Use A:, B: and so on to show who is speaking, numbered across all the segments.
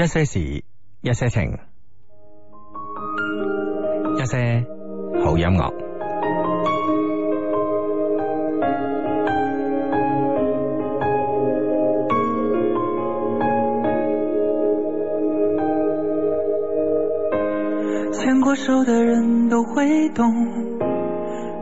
A: 一些事，一些情，一些
B: 好音樂。
C: 牽過手的人都會懂。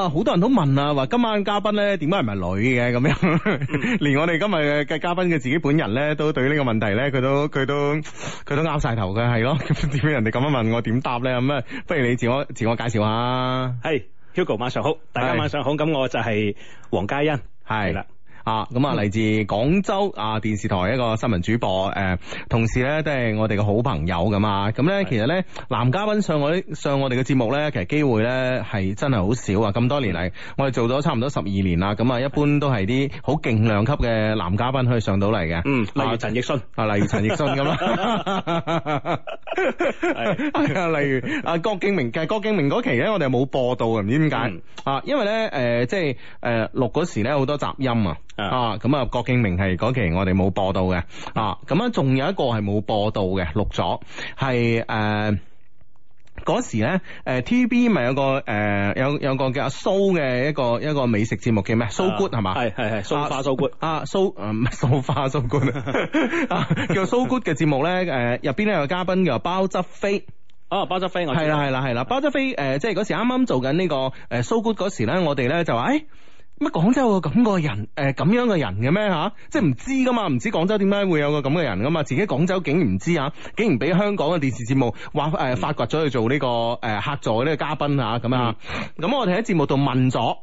A: 啊！好多人都問啊，話今晚嘉賓咧點解唔係女嘅咁樣？ 連我哋今日嘅嘉賓嘅自己本人咧，都對呢個問題咧，佢都佢都佢都拗晒頭嘅，係咯？點 解人哋咁樣問我點答咧？咁啊，不如你自我自我介紹下。係、hey，Hugo 晚上好，大家晚上好。咁 Hey. 我就係黃嘉欣，係啦 Hey.。啊，咁啊，嚟自廣州啊電視台一個新聞主播，誒、呃，同時咧都係我哋嘅好朋友咁啊。咁咧，其實咧男嘉賓上我上我哋嘅節目咧，其實機會咧係真係好少啊！咁多年嚟，我哋做咗差唔多十二年啦，咁啊，一般都係啲好勁量級嘅男嘉賓可以上到嚟嘅。嗯，例如陳奕迅， 例如陳奕迅咁啦、 啊，係啊，例如阿、 哎啊、郭敬明，嘅郭敬明嗰期咧，我哋冇播到啊，唔知點解啊，因為咧，誒、呃，即係誒錄嗰時咧，好多雜音啊。啊，咁啊，郭敬明係嗰期我哋冇播到嘅，啊，咁啊，仲有一個係冇播到嘅，錄咗係誒，嗰時咧，誒，TVB 咪有個誒、呃，有有個叫阿蘇嘅一個一個美食節目叫咩？So Good 係嘛？係係係，蘇化蘇 Good 啊，蘇唔係蘇化蘇 Good 啊，叫 So Good 嘅節目咧，誒、呃，入邊咧有嘉賓叫包則飛，哦，包則飛，我係啦係啦係啦，包則飛，誒、呃，即係嗰時啱啱做緊呢個誒、呃、So Good 嗰時咧，我哋咧就話誒。乜廣州個咁個人誒咁、呃、樣嘅人嘅咩吓？即係唔知噶嘛，唔知廣州點解會有個咁嘅人噶嘛？自己廣州竟然唔知啊，竟然俾香港嘅電視節目話誒、呃、發掘咗去做呢、這個誒、呃、客座呢個嘉賓吓咁啊！咁、啊嗯啊嗯、我哋喺節目度問咗，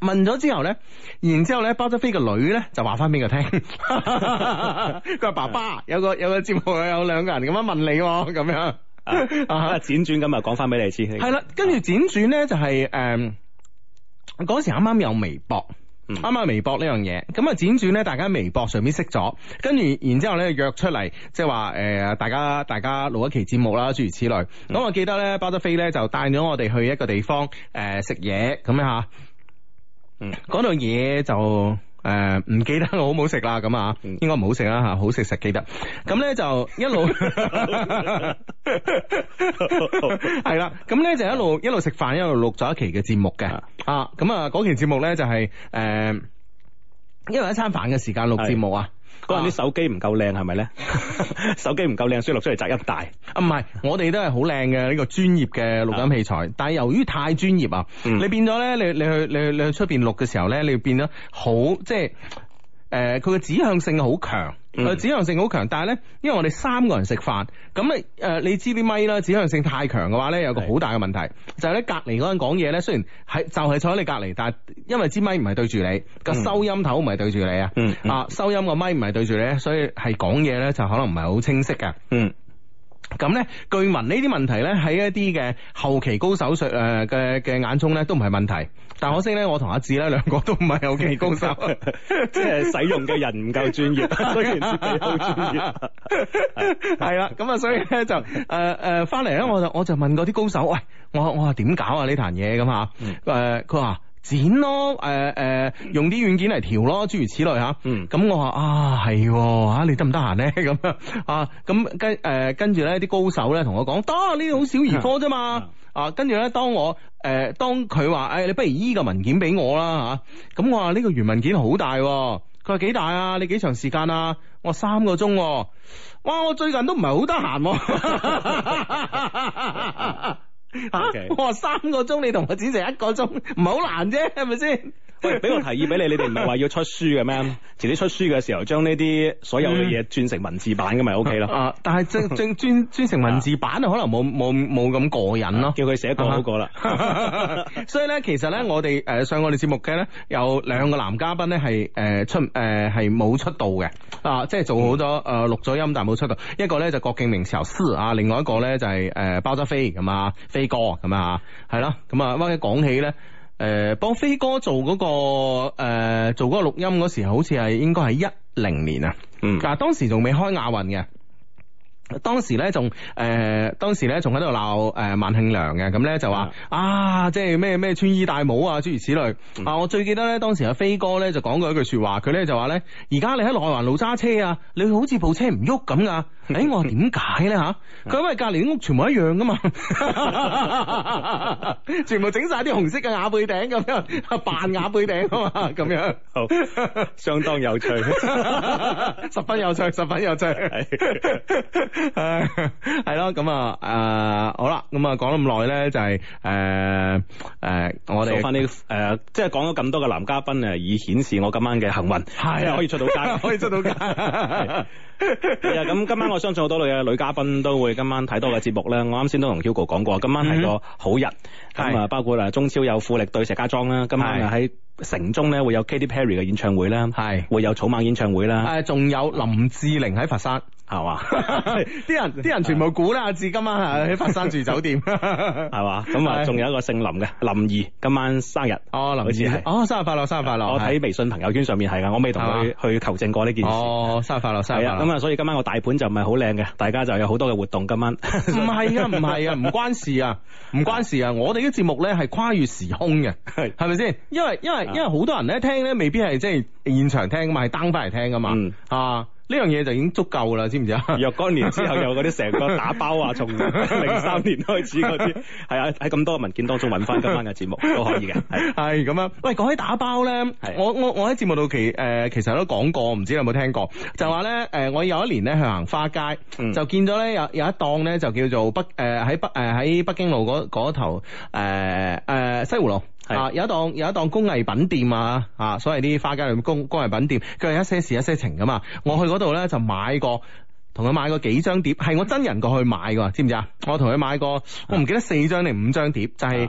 A: 問咗之後咧，然之後咧包租飛個女咧就話翻俾佢聽，佢話爸爸有個有個節目有兩個人咁樣問你咁樣啊，輾轉咁啊講翻俾你知。係 啦，跟住輾轉咧就係、是、誒。嗯嗰時啱啱有微博，啱啱、嗯、微博呢樣嘢，咁啊輾轉咧，大家微博上面識咗，跟住然之後咧約出嚟，即係話誒，大家大家錄一期節目啦，諸如此類。咁、嗯、我記得咧，巴德飛咧就帶咗我哋去一個地方誒食嘢，咁樣吓，嗰樣嘢就。誒，唔、呃、記得我好唔好食啦？咁啊，應該唔好食啦吓，好食食記得。咁咧 就一路，係啦。 咁咧就一路一路食飯，一路錄咗一,一期嘅節目嘅。的啊，咁啊，嗰期節目咧就係、是、誒，因、呃、為一餐飯嘅時間錄節目啊。嗰陣啲手機唔夠靚係咪咧？是是呢 手機唔夠靚，所以錄出嚟雜音大。啊，唔係，我哋都係好靚嘅呢個專業嘅錄音器材。啊、但係由於太專業啊、嗯，你變咗咧，你你去你去你去出邊錄嘅時候咧，你變咗好即係誒，佢嘅指向性好強。誒、嗯呃，指向性好強，但係咧，因為我哋三個人食飯，咁誒，誒，你知啲咪啦，指向性太強嘅話咧，有個好大嘅問題，是就係咧隔籬嗰陣講嘢咧，雖然喺就係、是、坐喺你隔籬，但係因為支咪唔係對住你，個、嗯、收音頭唔係對住你啊，嗯嗯、啊，收音個咪唔係對住你，所以係講嘢咧就可能唔係好清晰嘅、嗯，嗯。咁咧，據聞呢啲問題咧，喺一啲嘅後期高手術誒嘅嘅眼中咧，都唔係問題。但可惜咧，我同阿志咧兩個都唔係後期高手，即係 使用嘅人唔夠專業， 所以唔專業。係 啦是，咁 啊，所以咧就誒誒翻嚟咧，我、呃、就、呃、我就問嗰啲高手，喂，我我話點搞啊？呢壇嘢咁啊？誒、呃，佢話。剪咯，誒、呃、誒、呃，用啲軟件嚟調咯，諸如此類吓。咁我話啊係，吓你得唔得閒咧？咁樣啊，咁跟誒跟住咧，啲高手咧同我講，得、啊哦、呢啲好小兒科啫嘛。啊，跟住咧、呃啊嗯嗯啊，當我誒、呃、當佢話，誒、哎、你不如依個文件俾我啦吓。咁、啊嗯、我話呢、呢個原文件好大，佢話幾大啊？你幾長時間啊？我三個鐘、啊。哇，我最近都唔係好得閒。哈哈
B: 哈哈
A: 我話，啊 Okay. 哦，三個鐘你同我剪成一個鐘，唔係好難啫，係咪先？喂，俾個提議俾你，你哋唔係話要出書嘅咩？自己出書嘅時候，將呢啲所有嘅嘢轉成文字版咁咪 OK 咯。啊！但係正正轉轉成文字版，可能冇冇冇咁過癮咯。叫佢寫過好過啦。所以咧，其實咧，我哋誒上我哋節目嘅咧，有兩個男嘉賓咧係誒出誒係冇出道嘅啊，即係做好咗誒錄咗音但係冇出道。一個咧就郭敬明、喬詩啊，另外一個咧就係誒包德飛咁啊，飛哥咁啊，係啦。咁啊，或講起咧。誒，幫飛、呃、哥做嗰、那個誒、呃，做嗰個錄音嗰時候好，好似係應該係一零年啊。嗯，但係當時仲未開亞運嘅。當時咧仲誒，當時咧仲喺度鬧誒萬慶良嘅，咁咧就話、嗯、啊，即係咩咩穿衣戴帽啊，諸如此類。嗯、啊，我最記得咧，當時阿飛哥咧就講過一句說話，佢咧就話咧，而家你喺內環路揸車啊，你好似部車唔喐咁啊。欸，誒，我話點解咧吓？佢、嗯、因為隔籬屋全部一樣噶嘛， 全部整晒啲紅色嘅瓦背頂咁樣，扮瓦背頂啊嘛，咁樣。 好， 相當有趣， 十分有趣，十分有趣。係咯，咁啊、uh, 誒、嗯，好、嗯、啦，咁、嗯、啊，講咗咁耐咧，就係誒誒，uh, uh, 我哋翻啲誒，so funny, uh, 即係講咗咁多嘅男嘉賓啊，以顯示我今晚嘅幸運，係可以出到街，可以出
B: 到街
A: 係、嗯、啊，咁今晚我相信好多女嘅女嘉賓都會今晚睇多嘅節目咧。我啱先都同 Hugo 講過，今晚係個好日，咁啊、mm hmm. 嗯，包括啊，中超有富力對石家莊啦，今晚喺城中咧會有 Katy Perry 嘅演唱會啦，係 是會有草蜢演唱會啦，誒、嗯，仲有林志玲喺佛山。係嘛？啲人啲人全部估啦，阿志今晚喺佛山住酒店，係嘛？咁啊，仲有一個姓林嘅，林兒今晚生日哦，林志啊，哦，生日快樂，生日快樂！我睇微信朋友圈上面係噶，我未同佢去求證過呢件事。哦，生日快樂，生日快樂！咁啊，所以今晚個大盤就唔係好靚嘅，大家就有好多嘅活動。今晚唔係啊，唔係啊，唔關事啊，唔關事啊！我哋啲節目咧係跨越時空嘅，係咪先？因為因為因為好多人咧聽咧未必係即係現場聽噶嘛，係登翻嚟聽噶嘛，啊。呢樣嘢就已經足夠啦，知唔知啊？若干年之後有嗰啲成個打包啊，從零三年開始嗰啲，係 啊，喺咁多文件當中揾翻今晚嘅節目都可以嘅，係咁樣。喂，講起打包咧是，我我我喺節目到其誒、呃、其實都講過，唔知你有冇聽過？嗯、就話咧誒，我有一年咧去行花街，嗯、就見到咧有有一檔咧就叫做北誒喺、呃、北誒喺、呃、北京路嗰嗰頭西湖路。啊，有一檔有一檔工藝品店啊，啊，所謂啲花街嘅工工藝品店，佢係一些事一些情噶嘛。我去嗰度咧就買過，同佢買過幾張碟，係我真人過去買噶，知唔知啊？我同佢買過，我唔記得四張定五張碟，就係、是、誒，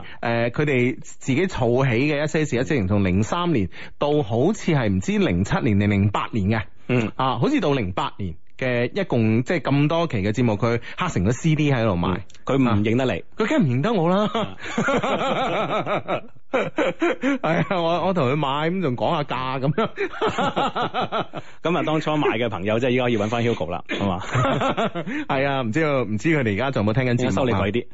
A: 佢哋的、呃、自己儲起嘅一些事一些情，從零三年到好似係唔知零七年定零八年嘅，嗯，啊，好似到零八年。嘅一共即係咁多期嘅節目，佢刻成個 CD 喺度賣，佢唔、嗯、認得你，佢梗係唔認得我啦。係 啊、 哎，我我同佢買，咁仲講下價咁樣。咁 啊、 嗯，當初買嘅朋友即係依家要搵翻 Hugo 啦，係嘛？ 係 啊，唔知道唔知佢哋而家仲有冇聽緊節目收你貴啲！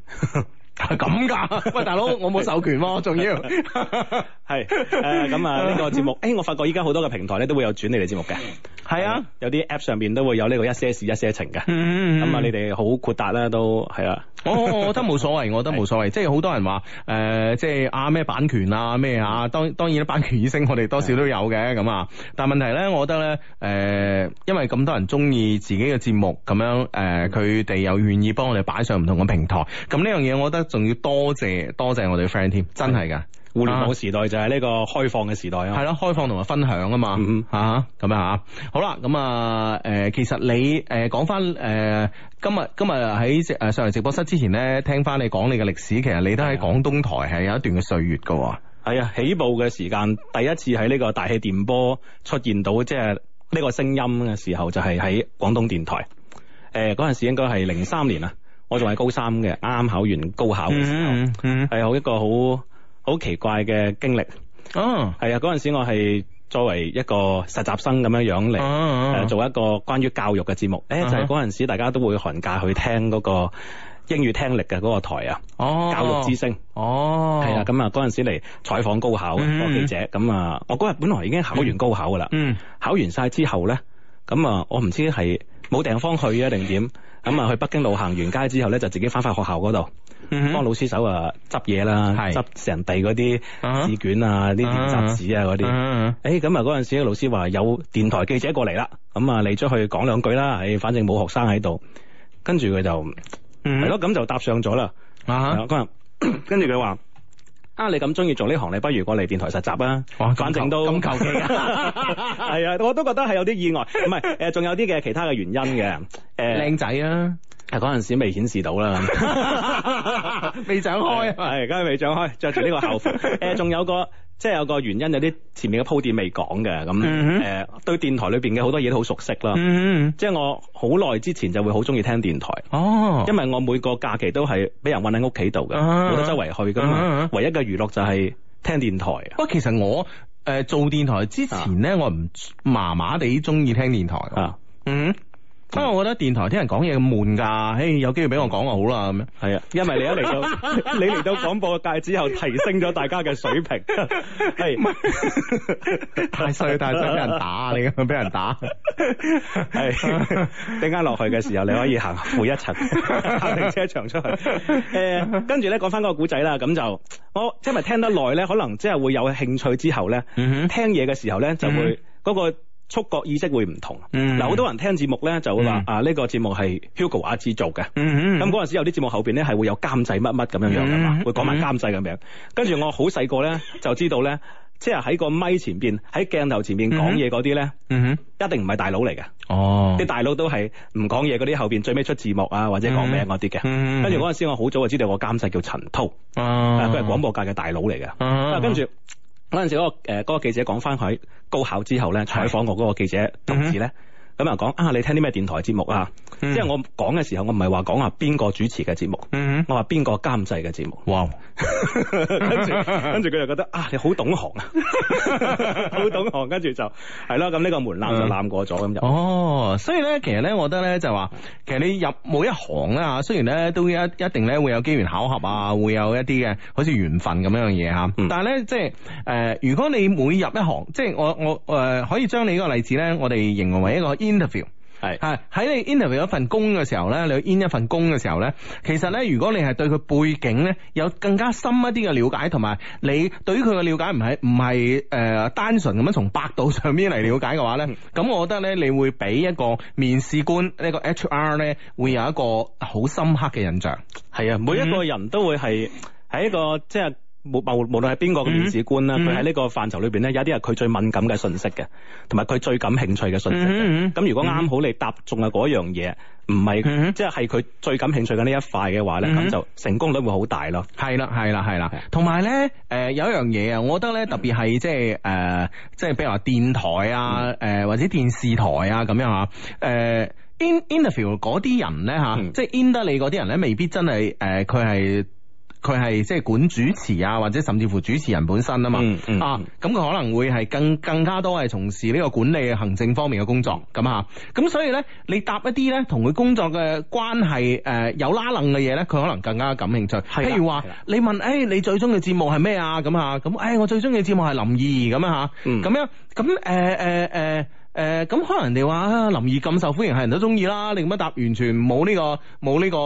A: 咁噶？喂，大佬，我冇授權喎，仲 要係誒咁啊？呢、 呃這個節目，誒、欸，我發覺依家好多嘅平台咧都會有轉你哋節目嘅，係啊，呃、有啲 app 上邊都會有呢個一些事一些情嘅，咁、嗯嗯、啊，你哋好豁達啦，都係啊。我我覺得冇所謂，我覺得冇所謂，是即係好多人話誒、呃，即係啊咩版權啊咩啊，當當然咧版權意識我哋多少都有嘅，咁啊，但係問題咧，我覺得咧誒、呃，因為咁多人中意自己嘅節目咁樣誒，佢哋又願意幫我哋擺上唔同嘅平台，咁呢樣嘢我覺得。仲要多謝多謝我哋嘅 friend 添，的真係噶！互聯網時代就係呢個開放嘅時代啊，係咯，開放同埋分享嘛、嗯、啊嘛嚇咁樣嚇、啊。好啦，咁啊誒，其實你誒、呃、講翻誒、呃、今日今日喺誒上嚟直播室之前咧，聽翻你講你嘅歷史，其實你都喺廣東台係有一段嘅歲月嘅喎。係啊，起步嘅時間，第一次喺呢個大氣電波出現到即係呢個聲音嘅時候，就係、是、喺廣東電台誒嗰陣時，應該係零三年啊。我仲係高三嘅，啱啱考完高考嘅時候，係好、mm hmm. 一個好好奇怪嘅經歷。哦、oh.，係啊，嗰陣時我係作為一個實習生咁樣樣嚟，oh. 做一個關於教育嘅節目。誒、oh.，就係嗰陣時，大家都會寒假去聽嗰個英語聽力嘅嗰個台啊。
B: 哦，oh. 教育之聲。哦、oh.，
A: 係啊，咁啊，嗰陣時嚟採訪高考，oh. 我記者。咁啊，我嗰日本來已經考完高考噶啦。嗯、mm，hmm. 考完晒之後呢，咁啊，我唔知係冇地方去啊，定點？咁啊，去北京路行完街之後咧，就自己翻翻學校嗰度，幫、嗯、哼老師手啊，執嘢啦，執成地嗰啲試卷啊，啲練習紙啊嗰哈啲。誒、啊，咁啊哈哈，嗰陣、欸、時老師話有電台記者過嚟啦，咁啊，嚟咗去講兩句啦，誒，反正冇學生喺度，跟住佢就，係咯、嗯，咁就搭上咗啦。啊哈，咁啊， 跟住佢話。啊！你咁中意做呢行，你不如過嚟電台實習啊！反正都咁求其、啊。
B: 係
A: 啊，我都覺得係有啲意外，唔係誒，仲、呃、有啲嘅其他嘅原因嘅誒，靚、呃、仔啊！係嗰陣時未顯示到啦， 未長開係、啊，而家、哎、未長開，着住呢個校服。誒、 呃，仲有個。即係有個原因，有啲前面嘅鋪墊未講嘅咁，誒對電台裏邊嘅好多嘢都好熟悉啦。即係我好耐之前就會好中意聽電台，因為我每個假期都係俾人韞喺屋企度嘅，冇得周圍去嘅嘛。唯一嘅娛樂就係聽電台。不過，其實我誒做電台之前呢，我唔麻麻地中意聽電台啊。嗯。因為我覺得電台聽人講嘢咁悶噶，誒，有機會俾我講就好啦，咁樣係啊，因為你一嚟到，你嚟到廣播界之後，提升咗大家嘅水平。係太細，太細，俾人打你咁，俾人打。係，陣間落去嘅時候，你可以行負一
C: 層，停車場出去。
A: 誒，跟住咧，講翻嗰個古仔啦，咁就我即係咪聽得耐咧，可能即係會有興趣之後咧，聽嘢嘅時候咧，就會個。觸覺意識會唔同，嗱，好多人聽節目咧就會話啊，呢個節目係 Hugo 阿志做嘅，咁嗰陣時有啲節目後邊咧係會有監製乜乜咁樣樣係嘛，會講埋監製嘅名。跟住我好細個咧就知道咧，即係喺個咪前邊喺鏡頭前面講嘢嗰啲咧，一定唔係大佬嚟嘅，啲大佬都係唔講嘢嗰啲後邊最尾出字幕啊或者講名嗰啲嘅。跟住嗰陣時我好早就知道個監製叫陳濤，佢係廣播界嘅大佬嚟嘅。跟住。嗰陣時嗰個誒嗰個記者講翻佢高考之後咧，採訪過嗰個記者同事咧。 咁啊，講啊，你聽啲咩電台節目啊？即係、嗯、我講嘅時候，我唔係話講啊邊個主持嘅節目，嗯嗯、我話邊個監製嘅節目。哇！ 跟住跟住，佢就覺得啊，你好懂行
B: 啊，好
A: 懂行。跟住就係咯，咁呢個門檻就攬過咗咁就。哦，所以咧，其實咧，我覺得咧，就話其實你入每一行啊，雖然咧都一一定咧會有機緣巧合啊，會有一啲嘅好似緣分咁樣嘢吓、啊。嗯、但係咧，即係誒、呃，如果你每入一行，即係我我誒、呃，可以將你呢個例子咧，我哋形容為一個。interview 係係喺是你 interview 一份工嘅時候咧，你去 in 一份工嘅時候咧，其實咧，如果你係對佢背景咧有更加深一啲嘅了解，同埋你對於佢嘅了解唔係唔係誒單純咁樣從百度上面嚟了解嘅話咧，咁、嗯、我覺得咧，你會俾一個面試官呢、這個 HR 咧，會有一個好深刻嘅印象。係啊，嗯、每一個人都會係喺一個即係。無無無論係邊個嘅面試官啦，佢喺呢個範疇裏邊咧，有一啲係佢最敏感嘅信息嘅，同埋佢最感興趣嘅信息嘅。咁、嗯嗯、如果啱好你答中啊嗰樣嘢，唔係即係係佢最感興趣嘅呢一塊嘅話咧，咁、嗯、就成功率會好大咯。係啦、嗯，係、嗯、啦，係啦。同埋咧，誒有一樣嘢啊，我覺得咧特別係即係誒，即係譬如話電台啊，誒、呃、或者電視台啊咁樣、呃、in，啊，誒 in interview 嗰啲人咧吓，即係 in 得你嗰啲人咧，未必真係誒佢係。呃佢係即係管主持啊，或者甚至乎主持人本身啊嘛，啊咁佢可能會係更更加多係從事呢個管理行政方面嘅工作咁吓，咁所以呢，你答一啲呢同佢工作嘅關係誒有拉楞嘅嘢，呢佢可能更加感興趣。譬如話你問誒，你最中意嘅節目係咩啊？咁啊咁誒，我最中意嘅節目係林二咁樣吓，咁樣咁誒誒誒咁可能人哋話啊林二咁受歡迎，係人都中意啦，你咁樣答完全冇呢個冇呢個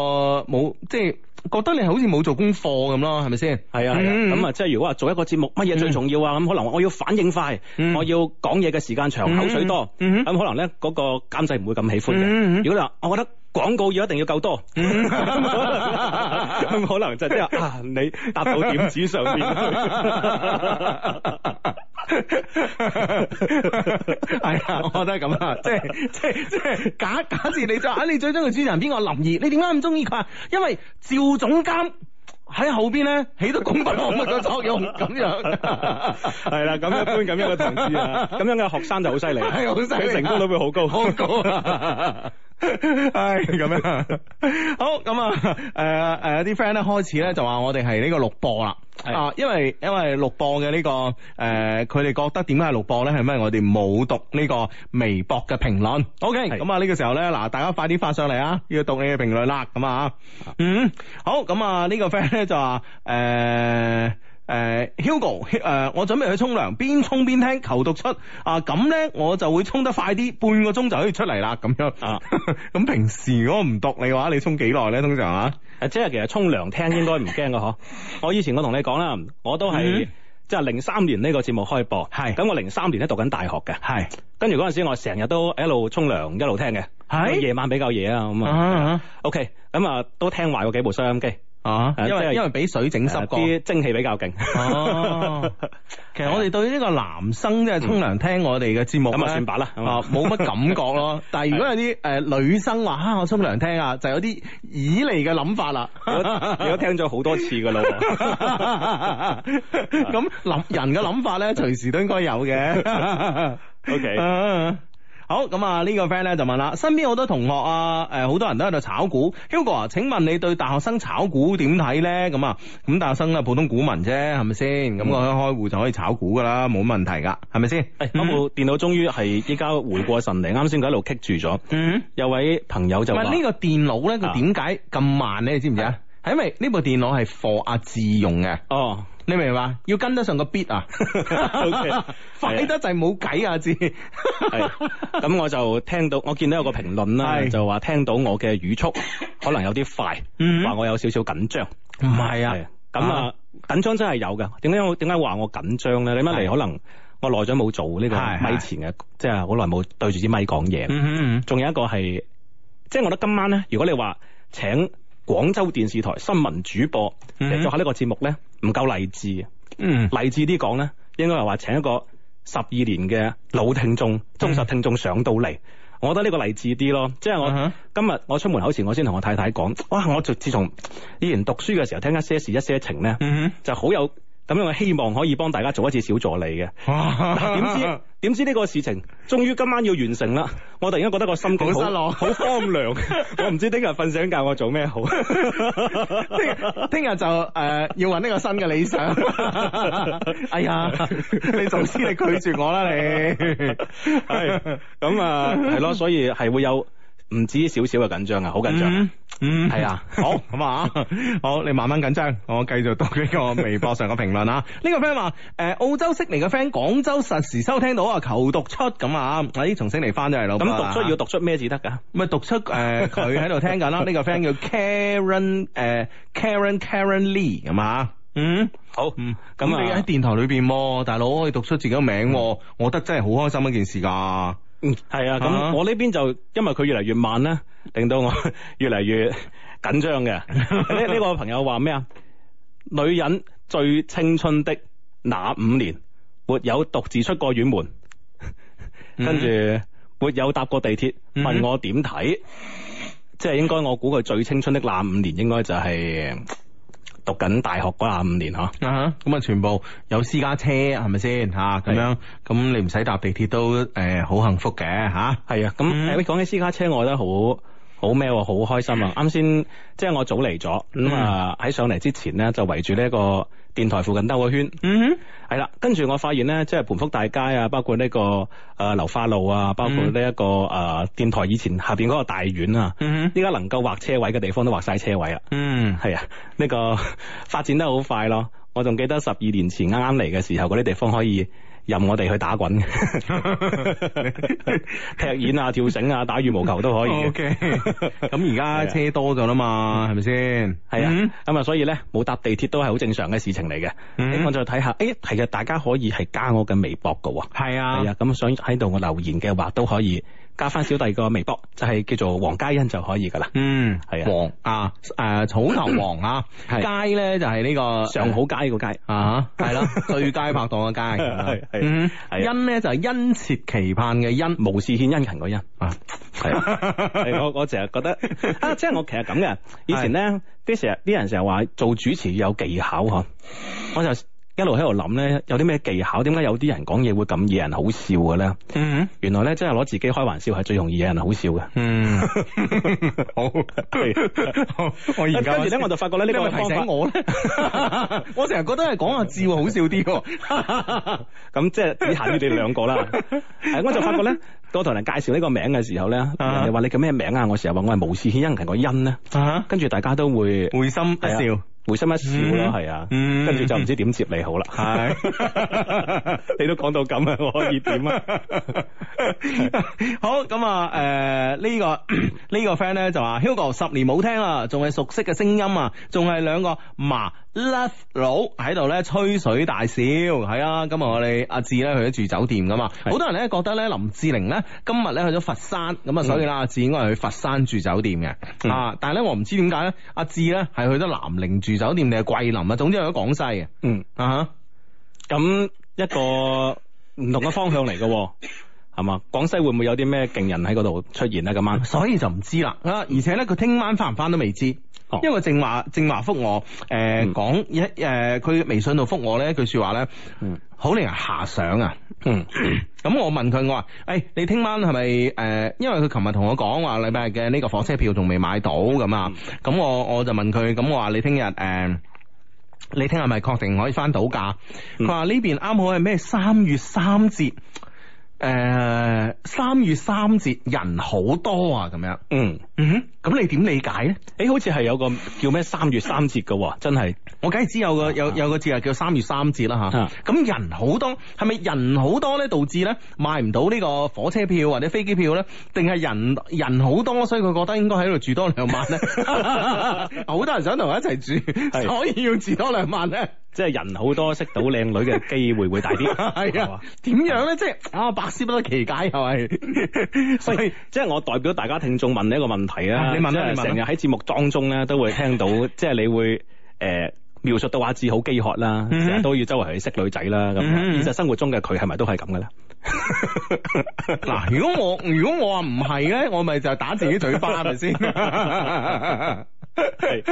A: 冇即係。覺得你好似冇做功課咁咯，係咪先？係啊，係啊，咁啊、嗯，即係、嗯、如果話做一個節目，乜嘢最重要啊？咁可能我要反應快，嗯、我要講嘢嘅時間長，嗯、口水多，咁、嗯嗯、可能咧嗰個監製唔會咁喜歡嘅。嗯嗯、如果你話，我覺得廣告要一定要夠多，咁可能就即係啊， 你答到點子上邊。
B: 係啊、 哎，我都係咁啊，即係即係即係
A: 假假住你就，哎你最中嘅主人邊個林儀？你點解咁中意佢？因為趙總監喺後邊咧起到功不可沒嘅作用，咁 樣
B: 係啦。咁 一般咁一嘅同事，
A: 咁 樣嘅學生就好犀利，係好犀利，成功率會好高，好高啊。 唉，咁樣好咁啊！誒 誒，啲 friend 咧開始咧就話我哋係呢個錄播啦，嗯、啊，因為因為錄播嘅呢個誒，佢、呃、哋覺得點解係錄播咧？係因為我哋冇讀呢個微博嘅評論。O K，咁啊呢、呢個時候咧，嗱，大家快啲發上嚟啊，要讀你嘅評論啦，咁啊，嗯，好，咁啊呢、呢個 friend 咧就話誒。呃誒、uh,，Hugo，誒、uh,，我準備去沖涼，邊沖邊聽，求讀出啊，咁、uh, 咧我就會沖得快啲，半個鐘就可以出嚟啦，咁樣啊。咁、uh. 平時如果唔讀你話，你沖幾耐咧？通常啊？即係 其實沖涼聽應該唔驚噶呵。 我以前我同你講啦，我都係即係零三年呢個節目開播，係，咁我零三年咧讀緊大學嘅，係。Yes. 跟住嗰陣時我成日都一路沖涼一路聽嘅，係。夜晚比較夜啊，咁啊、uh huh. 嗯、，OK，咁、嗯、啊、嗯、都聽壞過幾部收音機。啊，因為因為俾水整濕啲，蒸汽、啊、比較勁。哦、啊，其實我哋對於呢個男生即係沖涼聽我哋嘅節目咁、嗯、算啦，冇乜、啊嗯、感覺咯。 但係如果有啲誒女生話，吓、啊、我沖涼聽啊，就有啲異嚟嘅諗法啦。如果、啊、 聽咗好多次噶啦，咁 諗 人嘅諗法咧，隨時都應該有嘅。 o Okay . K、啊。好咁啊！呢、這個 friend 咧就問啦，身邊好多同學啊，誒、呃，好多人都喺度炒股。Hugo，請問你對大學生炒股點睇咧？咁啊，咁大學生啊，普通股民啫，係咪先？咁我、嗯、一開戶就可以炒股噶啦，冇問題噶，係咪先？誒、哎，部電腦終於係依家回過神嚟，啱先佢一路棘住咗。嗯，嗯，有位朋友就話，呢個電腦咧，佢點解咁慢咧？你知唔知啊？係因為呢部電腦係貨壓自用嘅。哦。你明唔明話？要跟得上個 beat 啊！快得滯冇計啊！知咁我就聽到，我見到有個評論啦，就話聽到我嘅語速可能有啲快，話我有少少緊張，唔係啊。咁啊，緊張真係有㗎。點解點解話我緊張咧？你乜嚟？可能我耐咗冇做呢個咪前嘅，即係好耐冇對住支咪講嘢。仲有一個係即係我覺得今晚咧，如果你話請廣州電視台新聞主播嚟做下呢個節目咧。唔夠勵志，
B: 嗯，
A: 勵志啲講咧，應該係話請一個十二年嘅老聽眾、忠實聽眾上到嚟，嗯、我覺得呢個勵志啲咯。即、就、係、是、我、嗯、哼今日我出門口前，我先同我太太講，哇！我就自從以前讀書嘅時候聽一些事一些情咧，嗯、哼就好有。咁樣我希望可以幫大家做一次小助理嘅。哇！ 點知點知呢個事情，終於今晚要完成啦！我突然間覺得個心境好失落，好 荒涼。我唔知聽日瞓醒覺我做咩好。聽 日就誒、呃、要揾一個新嘅理想。 哎呀！你總之你拒絕我啦你。係 咁、 哎、啊，係咯， 所以係會有。唔止少少嘅緊張啊，好緊張，係啊、嗯嗯，好，咁啊，好，你慢慢緊張，我繼續讀呢個微博上嘅評論啊。呢 個 friend 話，誒，澳洲悉尼嘅 friend，廣州實時收聽到啊，求讀出咁啊，誒、哎，重新嚟翻咗嚟，咁讀出要讀出咩字得噶？唔係讀出，誒、呃，佢喺度聽緊啦。呢 個 friend 叫 Karen，、呃、Karen，誒 Karen Karen Lee 係嘛、啊？嗯，好，咁、嗯、喺、啊、電台裡邊、啊，大佬可以讀出自己名、啊，嗯、我覺得真係好開心一件事噶。係啊，咁我呢邊就因為佢越嚟越慢啦，令到我呵呵越嚟越緊張嘅。呢呢 個朋友話咩啊？女人最青春的那五年，沒有獨自出過院門，跟住、嗯、沒有搭過地鐵，問我點睇？即係、嗯、應該我估佢最青春的那五年應該，就是，應該就係。讀緊大學嗰廿五年嗬，咁啊、uh huh. 全部有私家車係咪先吓？咁樣咁是你唔使搭地鐵都誒好、呃、幸福嘅吓。係啊，咁誒講起私家車，我覺得好。好咩、啊？好開心啊！啱先即係我早嚟咗，咁啊喺上嚟之前咧就圍住呢一個電台附近兜個圈。嗯哼，係啦，跟住我發現咧，即係盤福大街啊，包括呢、這個誒流花路啊，包括呢、這、一個誒、呃、電台以前下邊嗰個大院啊，嗯、哼，呢家能夠劃車位嘅地方都劃晒車位啦。嗯，係啊，呢、這個發展得好快咯。我仲記得十二年前啱啱嚟嘅時候，嗰啲地方可以。任我哋去打滾， 踢毽啊、跳繩啊、打羽毛球都可以。OK，咁而家車多咗啦嘛，係咪先？係啊，咁啊，所以咧冇搭地鐵都係好正常嘅事情嚟嘅。Mm hmm. 我再睇下，哎，係嘅，大家可以係加我嘅微博噶喎。係啊 Yeah.，係啊，咁想喺度我留言嘅話都可以。加翻小弟個微博，就係、是、叫做黃佳欣就可以噶啦。嗯，係啊，黃王啊，誒草堂黃啊，佳咧、啊、 就係呢、這個上好街個街、嗯、啊，係啦， 最佳拍檔嘅街。係係，欣咧就係、是、殷切期盼嘅殷， 無事獻殷勤個殷 是啊。係 我我成日覺得啊，即係我，我其實咁嘅。以前咧啲成日啲人成日話做主持要有技巧呵，我就。一路喺度諗咧，有啲咩技巧？點解有啲人講嘢會咁惹人好笑嘅咧？嗯哼，原來咧真係攞自己開玩笑係最容易惹人好笑嘅。嗯，好，好我而家跟住咧我就發覺咧呢 覺 個提醒我咧，我成日覺得係講阿志會好笑啲㗎。咁即係以下呢？你哋兩個啦，我就發覺咧，我同人介紹呢個名嘅時候咧，人哋話你叫咩名啊？我成日話我係無事獻殷勤，係個殷咧。跟住大家都會會心一笑。回心一笑咯，係啊，跟住就唔知點接你好啦，係的。 你都講到咁啊，我可以點啊？好，咁啊，誒、呃，這個 這個、呢個呢個 friend 咧就話，Hugo 十年冇聽啦，仲係熟悉嘅聲音啊，仲係兩個麻。Love 佬喺度咧吹水大笑，係啊！今日我哋阿志咧去咗住酒店噶嘛，好的多人咧覺得咧林志玲咧今日咧去咗佛山，咁啊所以啦，阿志應該係去佛山住酒店嘅、嗯、啊！但係咧我唔知點解咧，阿志咧係去咗南寧住酒店定係桂林啊？總之去咗廣西嘅，嗯啊，咁一個唔同嘅方向嚟嘅喎，係嘛？ 廣西會唔會有啲咩勁人喺嗰度出現咧？咁晚 所以就唔知啦啊！而且咧佢聽晚翻唔翻都未知。因為正話正話復我，誒、呃、講、嗯、一誒，佢、呃、微信度復我呢一句說話呢，好令人遐想啊。嗯，咁、嗯、我問佢，我話，誒、哎，你聽晚係咪誒？因為佢琴日同我講話，禮拜日嘅呢個火車票仲未買到咁啊。咁、嗯、我我就問佢，咁我話你聽日誒，你聽日係咪確定可以翻到噶？佢話呢邊啱好係咩？三、呃、月三節，誒，三月三節人好多啊，咁樣。嗯。嗯嗯哼，咁你點理解咧？誒，好似係有個叫咩三月三節嘅，真係我梗係知有個有有個字係叫三月三節啦吓。咁人好多，係咪人好多咧，導致咧買唔到呢個火車票或者飛機票咧？定係人人好多，所以佢覺得應該喺度住多兩晚咧？好多人想同我一齊住，所以要住多兩晚咧。即係人好多，識到靚女嘅機會會大啲。係啊，點樣咧？即係啊，百思不得其解，係咪？所以即係我代表大家聽眾問你一個問題。你問啦，因為成日喺節目當中咧都會聽到，即係你會誒描述到話志好飢渴啦，成日都要周圍去識女仔啦咁。現實生活中嘅佢係咪都係咁嘅咧？嗱，如果我如果我話唔係咧，我咪就打自己嘴巴係咪先？係，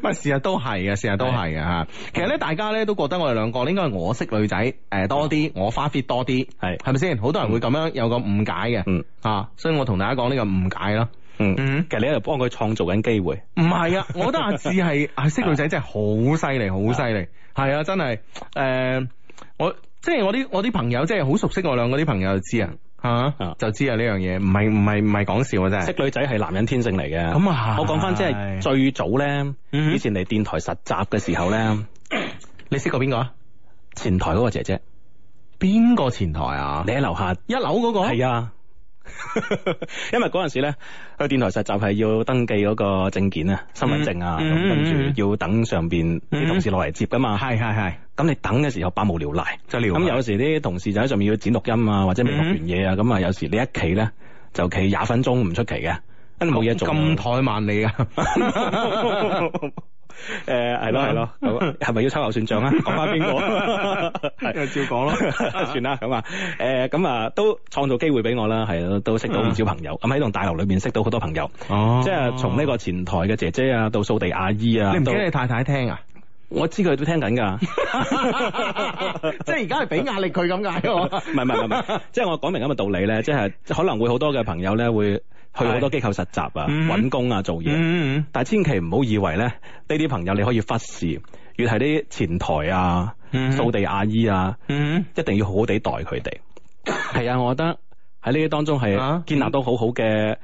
A: 咪事實都係嘅，事實都係嘅嚇。其實咧，大家咧都覺得我哋兩個應該係我識女仔誒多啲，我花 fit 多啲，係係咪先？好多人會咁樣有個誤解嘅，啊，所以我同大家講呢個誤解咯。嗯， 其實你喺度幫佢創造緊機會。唔 係啊，我覺得阿志係，係、啊、識女仔真係好犀利，好犀利，係 啊，真係。誒、啊，我即係我啲我啲朋友，即係好熟悉我兩個啲朋友知、啊啊、就知啊，吓就知啊呢樣嘢，唔係唔係唔係講笑嘅啫。係。識女仔係男人天性嚟嘅。咁啊、嗯，我講翻是即係最早咧，以前嚟電台實習嘅時候咧，嗯、哼你識過邊個啊？前台嗰個姐姐。邊個前台啊？你喺樓下？ 一樓嗰、嗰個係 啊。 因為嗰陣時咧，去電台實習係要登記嗰個證件啊，身份證啊，咁、mm hmm. 跟住要等上邊啲同事落嚟接噶嘛。系系系。咁、hmm. 你等嘅時候百無聊賴，就聊。咁、嗯、有時啲同事就喺上面要剪錄音啊，或者未錄完嘢啊，咁啊、mm hmm. 嗯、有時你一企咧就企廿分鐘唔出奇嘅，跟冇嘢做。咁怠慢你啊！ 誒，係咯係咯，係咪要秋後算賬啊？講返邊個，係照講咯，算啦咁啊，誒，咁啊都創造機會俾我啦，係咯，都，都識到唔少朋友，咁喺棟大樓裏面識到好多朋友，哦、嗯，即係從呢個前台嘅姐姐啊，到掃地阿姨啊，都你唔驚你太太聽啊？我知佢都聽緊噶，即係而家係俾壓力佢咁解。唔係唔係唔係，即係我講明咁嘅道理咧，即係可能會好多嘅朋友咧會去好多機構實習啊、揾工啊、做嘢。但係千祈唔好以為咧呢啲朋友你可以忽視，越係啲前台啊、掃地阿姨啊，一定要好好地待佢哋。係啊，我覺得喺呢啲當中係建立到好好嘅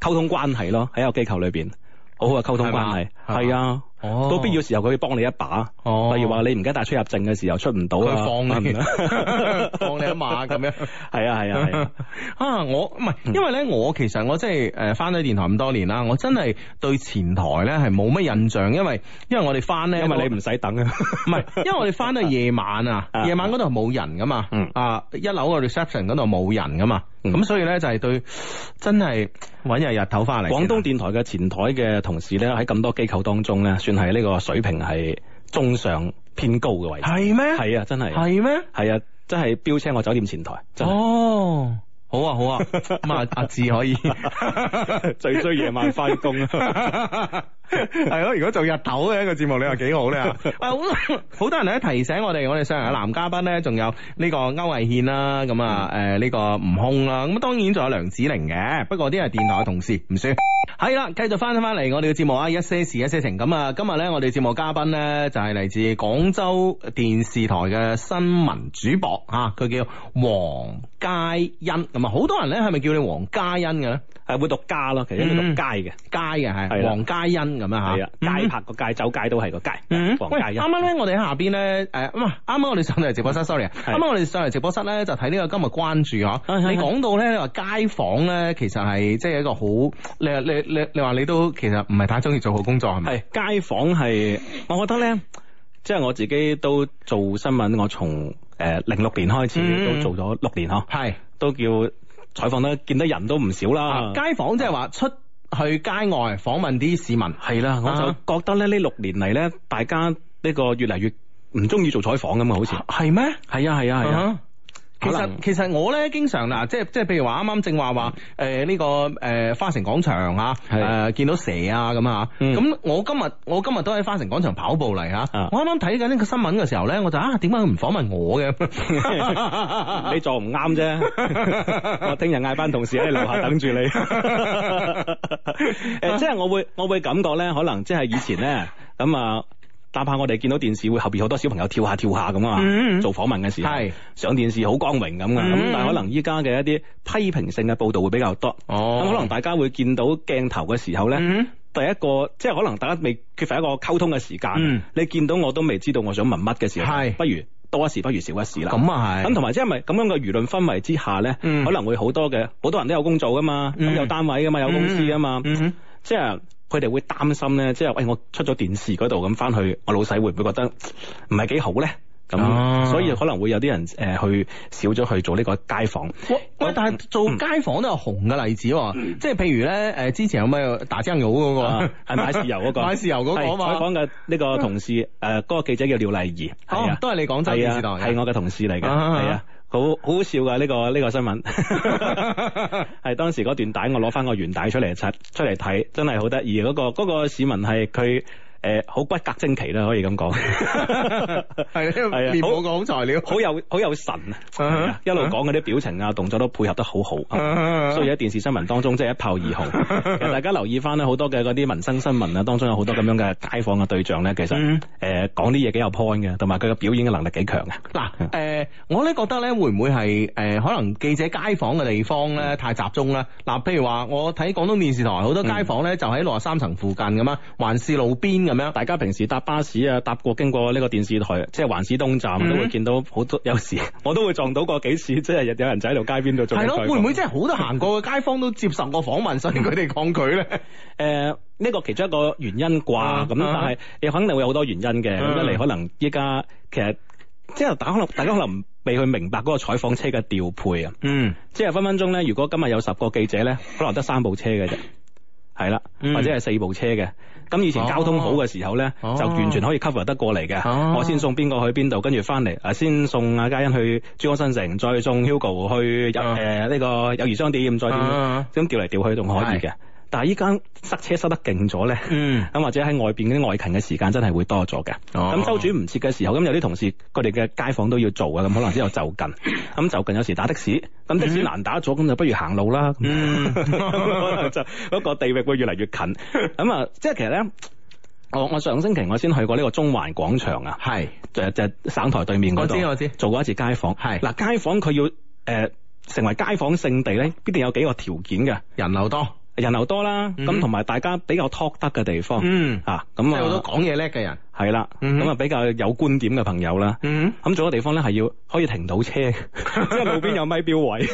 A: 溝通關係咯。喺一個機構裏邊，好好嘅溝通關係。係啊。哦，到必要時候佢可以幫你一把。哦，例如話你唔記得帶出入證嘅時候出唔到啊，放你， 放你一馬咁樣。係啊係啊係啊， 啊！我唔係，因為咧我其實我即係誒翻咗電台咁多年啦，我真係對前台咧係冇乜印象，因為因為我哋翻咧，因為你唔使等啊，唔係，因為我哋翻到夜 晚， 晚啊，夜晚嗰度冇人噶嘛，啊一樓個 reception 嗰度冇人噶嘛，咁、嗯、所以咧就係對真係。揾日日頭翻嚟。廣東電台嘅前台嘅同事咧，喺咁多機構當中咧，算係呢個水平係中上偏高嘅位置。係咩嗎？係啊，真係。係咩？係嗎啊，真係標青。我酒店前台。哦。好啊好啊，咁啊阿志、啊啊、可以最衰夜晚翻工，啊，係咯？如果做日頭嘅一個節目你，你話幾好咧？誒，好多人咧提醒我哋，我哋上一男嘉賓咧，仲有呢個歐惠憲啦，咁啊誒呢個吳空啦，咁啊當然仲有梁子玲嘅，不過啲係電台嘅同事，唔算。係啦，繼續翻翻嚟我哋嘅節目啊，一些事一些情。咁啊，今日咧我哋節目嘉賓咧就係嚟自廣州電視台嘅新聞主播啊，佢叫黃。佳欣，同埋好多人咧，係咪叫你黃佳欣嘅咧？係會讀佳咯，其實都讀街嘅，街嘅係黃佳欣咁樣吓。係啊，街拍個街，走街都係個街。嗯，黃佳欣。啱啱咧，我哋喺下邊咧，誒、哎，咁啊，啱啱我哋上嚟直播室，sorry 啊的，啱啱我哋上嚟直播室咧，就睇呢個今日關注嗬的。你講到咧，你話街訪咧，其實係即係一個好，你你你你話你都其實唔係太中意做好工作係咪？係街訪係，我覺得咧，即、就、係、是、我自己都做新聞，我從。誒，零六年開始、嗯、都做咗六年嗬，係是都叫採訪得見得人都唔少啦、啊。街訪即係話出去街外訪問啲市民，係啦的，啊、我就覺得咧呢六年嚟咧，大家呢個越嚟越唔中意做採訪咁啊，好似係咩？係啊嗎，係啊，係啊。其實其實我咧經常嗱，即係即係，譬如話啱啱正話話誒呢個誒、呃、花城廣場吓，誒、呃、見到蛇啊咁啊、咁、嗯、我今日我今日都喺花城廣場跑步嚟吓。我啱啱睇緊呢個新聞嘅時候咧，我就啊，點解佢唔訪問我嘅？ 你做唔啱啫。 我聽日嗌班同事喺樓下等住你。誒， 即係我會我會感覺咧，可能即係以前咧咁啊。嗯但怕我哋見到電視會後邊好多小朋友跳下跳下咁啊，做訪問嘅時候，上電視好光榮咁啊。咁但係可能依家嘅一啲批評性嘅報道會比較多。哦，咁可能大家會見到鏡頭嘅時候咧，第一個即係可能大家未缺乏一個溝通嘅時間。嗯，你見到我都未知道我想問乜嘅時候，係不如多一事不如少一事啦。咁啊係。咁同埋即係咪咁樣嘅輿論氛圍之下咧，可能會好多嘅好多人都有工作噶嘛，有單位噶嘛，有公司噶嘛。嗯哼。即係。佢哋會擔心咧，即係喂我出咗電視嗰度咁返去，我老細會唔會覺得唔係幾好咧？咁所以可能會有啲人誒去少咗去做呢個街訪。喂，但係做街訪都有紅嘅例子，即係譬如咧誒，之前有咩大煎佬嗰個，係買豉油嗰個。買豉油嗰個嘛？採訪嘅呢個同事誒，嗰個記者叫廖麗儀，哦，都係你廣州電視台嘅，係我嘅同事嚟嘅，係啊。好好笑噶，呢個呢個新聞係 當時嗰段帶，我攞翻個原帶出嚟出出嚟睇，真係好得意，嗰個嗰個市民係佢。誒好骨骼精奇啦，可以咁講，係啊，係啊，好講材料，好有好有神啊！一路講嗰啲表情啊、動作都配合得好好，所以喺電視新聞當中即係一炮而紅。大家留意翻咧，好多嘅嗰啲民生新聞啊，當中有好多咁樣嘅街訪嘅對象咧，其實誒講啲嘢幾有 point 嘅，同埋佢嘅表演嘅能力幾強嘅。嗱誒，我咧覺得咧，會唔會係誒可能記者街訪嘅地方咧太集中咧？嗱，譬如話我睇廣東電視台好多街訪咧，就喺六十三層附近咁啊，還是路邊大家平時搭巴士啊，搭過經過呢個電視台，即係環市東站，都會見到好多。有時我都會撞到過幾次，即係有人就喺度街邊度。係咯，會唔會即係好多行過嘅街坊都接受過訪問，所以佢哋抗拒咧？誒、呃，呢、呢個其中一個原因啩。咁但係，你肯定會有好多原因嘅。一嚟、啊、可能依家其實即係打開落，大家可能未去明白嗰個採訪車嘅調配啊。嗯，即係分分鐘咧，如果今日有十個記者咧，可能得三部車嘅啫。係啦，嗯、或者係四部車嘅。咁以前交通好嘅時候咧，哦、就完全可以 cover 得過嚟嘅。哦、我先送邊個去邊度，跟住翻嚟，誒先送阿嘉欣去珠江新城，再送 Hugo 去誒呢、哦呃呢個友誼商店，再點咁、哦、調嚟調去仲可以嘅。哎但係依家塞車塞得勁咗咧，咁或者喺外邊嗰啲外勤嘅時間真係會多咗嘅。咁週轉唔切嘅時候，咁有啲同事佢哋嘅街坊都要做嘅，咁可能之後就近咁就近。有時打的士，咁的士難打咗，咁就不如行路啦。可能就嗰個地域會越嚟越近。咁啊，即係其實咧，我我上星期我先去過呢個中環廣場啊，係就就省台對面嗰度。我知我知，做過一次街坊係嗱，街坊佢要誒成為街坊勝地咧，必定有幾個條件嘅人流多。人流多啦，咁同埋大家比較 talk 得嘅地方，嗯、嗯、啊！即係好多講嘢叻嘅人。係啦，咁啊比較有觀點嘅朋友啦，咁仲有地方咧係要可以停到車，即係路邊有咪標位。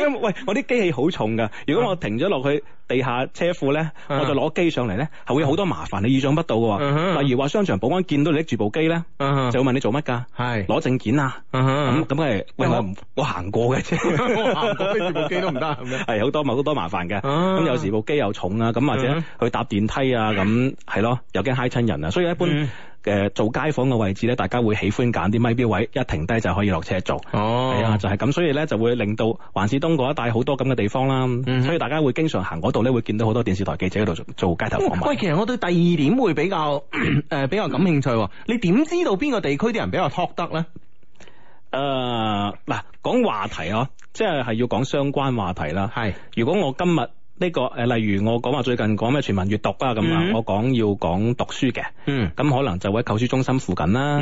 A: 因為喂，我啲機器好重噶，如果我停咗落去地下車庫咧，我就攞機上嚟咧，係會有好多麻煩，你意想不到噶。例如話商場保安見到你拎住部機咧，就會問你做乜噶？係攞證件啊？咁咁係喂我唔我行過嘅啫，我行過拎住部機都唔得係咪？係好多，好多麻煩嘅。咁有時部機又重啊，咁或者去搭電梯啊，咁係咯，又驚揩親人啊，所以一般。嘅、嗯、做街訪嘅位置咧，大家會喜歡揀啲咪錶位，一停低就可以落車做。哦，係啊，就係、是、咁，所以咧就會令到環市東嗰一帶好多咁嘅地方啦。嗯、哼所以大家會經常行嗰度咧，會見到好多電視台記者喺度做做街頭訪問。喂，其實我對第二點會比較誒、呃、比較感興趣。你點知道邊個地區啲人比較 talk 得咧？誒、呃，嗱，講話題嗬，即係係要講相關話題啦。係是，如果我今日。呢個誒，例如我講話最近講咩全民閱讀啊，咁啊，我講要講讀書嘅，咁可能就會喺購書中心附近啦，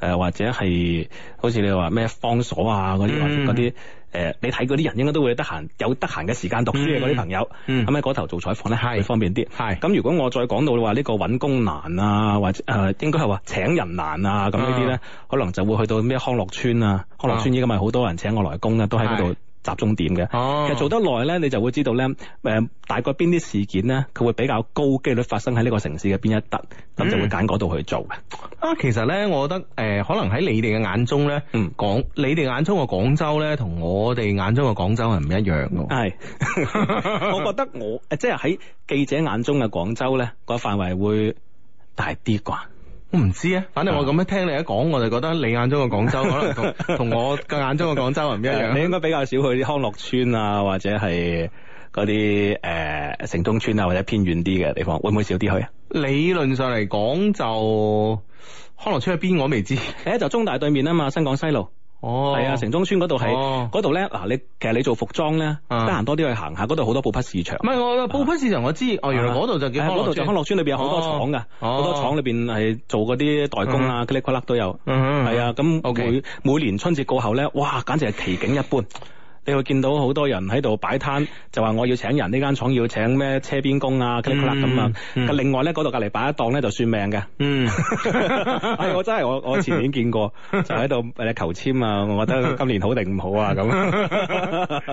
A: 誒或者係好似你話咩方所啊嗰啲，嗰啲誒你睇嗰啲人應該都會得閒有得閒嘅時間讀書嘅嗰啲朋友，咁喺嗰頭做採訪咧係方便啲。係咁，如果我再講到你話呢個揾工難啊，或者誒應該係話請人難啊，咁呢啲咧可能就會去到咩康樂村啊，康樂村依家咪好多人請我來工啊，都喺度。集中點嘅，啊、其實做得耐咧，你就會知道咧，誒、呃、大概邊啲事件咧，佢會比較高機率發生喺呢個城市嘅邊一突，咁、嗯、就會揀嗰度去做嘅啊。其實咧，我覺得誒、呃，可能喺你哋嘅眼中咧，嗯，講你哋眼中嘅廣州咧，同我哋眼中嘅廣州係唔一樣㗎。係，我覺得我誒，即係喺記者眼中嘅廣州咧，個範圍會大啲啩。我唔知啊，反正我咁樣聽你一講，我就覺得你眼中嘅廣州可能同同我嘅眼中嘅廣州唔一樣。 你應該比較少去啲康樂村啊，或者係啲誒城中村啊，或者偏遠啲嘅地方，會唔會少啲去？啊？理論上嚟講，就康樂村喺邊，我未知。誒，就中大對面啊嘛，新港西路。哦，係啊，城中村嗰度係，嗰度咧，嗱你其實你做服裝咧，得閒、嗯、多啲去行下，嗰度好多布匹市場。唔係我布匹市場我知，啊、哦原來嗰度就叫，嗰度就康樂村裏邊有好多廠㗎，好、哦、多廠裏邊係做嗰啲代工啊，嗰啲骨粒都有，係啊、嗯，咁、嗯、每 okay. 每年春節過後咧，哇，簡直係奇景一般。 你會見到好多人喺度擺攤，就話我要請人，呢間廠要請咩車邊工啊，咁啊。另外咧，嗰度隔籬擺一檔咧就算命嘅。嗯，係、 哎、我真係我我前年見過， 就喺度求簽啊，我覺得今年好定唔好啊，咁。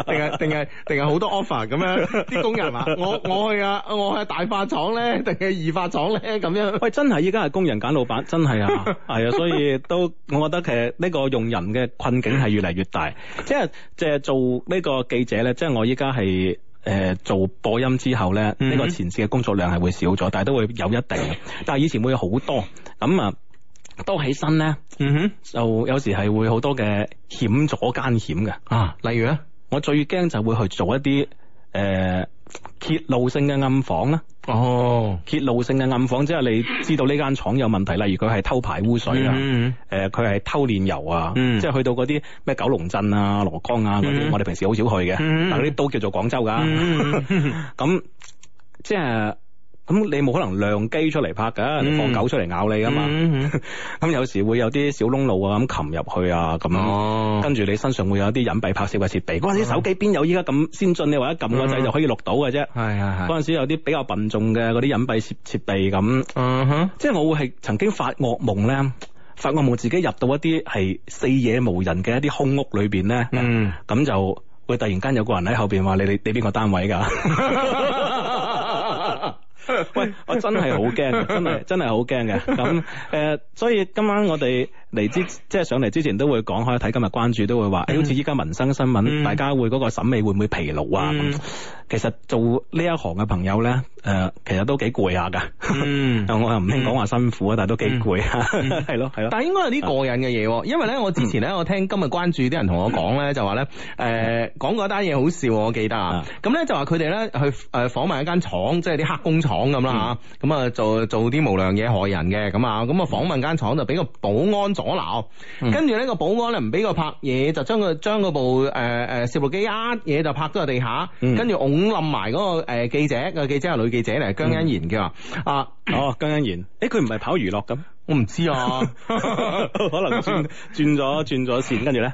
A: 定係定係定係好多 offer 咁樣，啲、 er、 工人啊，我我去啊，我去、啊、大化廠咧，定係二化廠咧，咁樣。喂，真係依家係工人揀老闆，真係啊，係啊，所以都我覺得其實呢個用人嘅困境係越嚟越大， 即係即係做。呢個記者呢，即係我依家係誒做播音之後呢，呢，嗯哼，呢個前線嘅工作量係會少咗，但係都會有一定。但係以前會好多，咁啊多起身呢，嗯哼，就有時係會好多嘅險阻艱險嘅啊。例如咧，我最驚就會去做一啲誒。呃揭露性嘅暗訪啦，哦，oh. 揭露性嘅暗訪，即係你知道呢間廠有問題，例如佢係偷排污水啊，嗯，誒，佢係偷煉油啊，嗯、mm，即係去到嗰啲咩九龍鎮啊、蘿崗啊嗰啲，我哋平時好少去嘅，mm hmm. 但係嗰啲都叫做廣州噶，咁即係。咁你冇可能亮機出嚟拍噶，你放狗出嚟咬你噶嘛？咁有時會有啲小窿路啊，咁擒入去啊，咁跟住你身上會有啲隱蔽拍攝嘅設備。嗰陣時手機邊有依家咁先進嘅，或者撳個掣就可以錄到嘅啫。系系系。嗰陣時有啲比較笨重嘅嗰啲隱蔽設設備咁。嗯哼，即係我會係曾經發噩夢咧，發噩夢自己入到一啲係四野無人嘅一啲空屋裏邊咧。嗯，咁就會突然間有個人喺後邊話：你你你邊個單位噶？
B: 喂，我真係好驚嘅，真係
A: 真係好驚嘅。咁誒、呃，所以今晚我哋。嚟之即係上嚟之前都會講開，睇今日關注都會話，誒好似依家民生新聞，大家會嗰個審美會唔會疲勞啊？其實做呢一行嘅朋友咧，誒其實都幾攰下㗎。我又唔興講話辛苦啊，但係都幾攰啊，係咯係咯。但係應該有啲過癮嘅嘢，因為咧我之前咧我聽今日關注啲人同我講咧就話咧誒講嗰單嘢好笑，我記得啊。咁咧就話佢哋咧去誒訪問一間廠，即係啲黑工廠咁啦吓，咁啊做做啲無良嘢害人嘅咁啊，咁啊訪問間廠就俾個保安做。我鬧，跟住、嗯、呢個保安咧唔俾佢拍嘢，就將佢將嗰部誒誒攝錄機一嘢就拍咗落地下，跟住㧬冧埋嗰個誒、呃、記者個記者係女記者嚟，姜欣賢叫、嗯、啊，哦姜欣賢，誒佢唔係跑娛樂咁，我唔知啊， 可能轉轉咗轉咗線，跟住咧，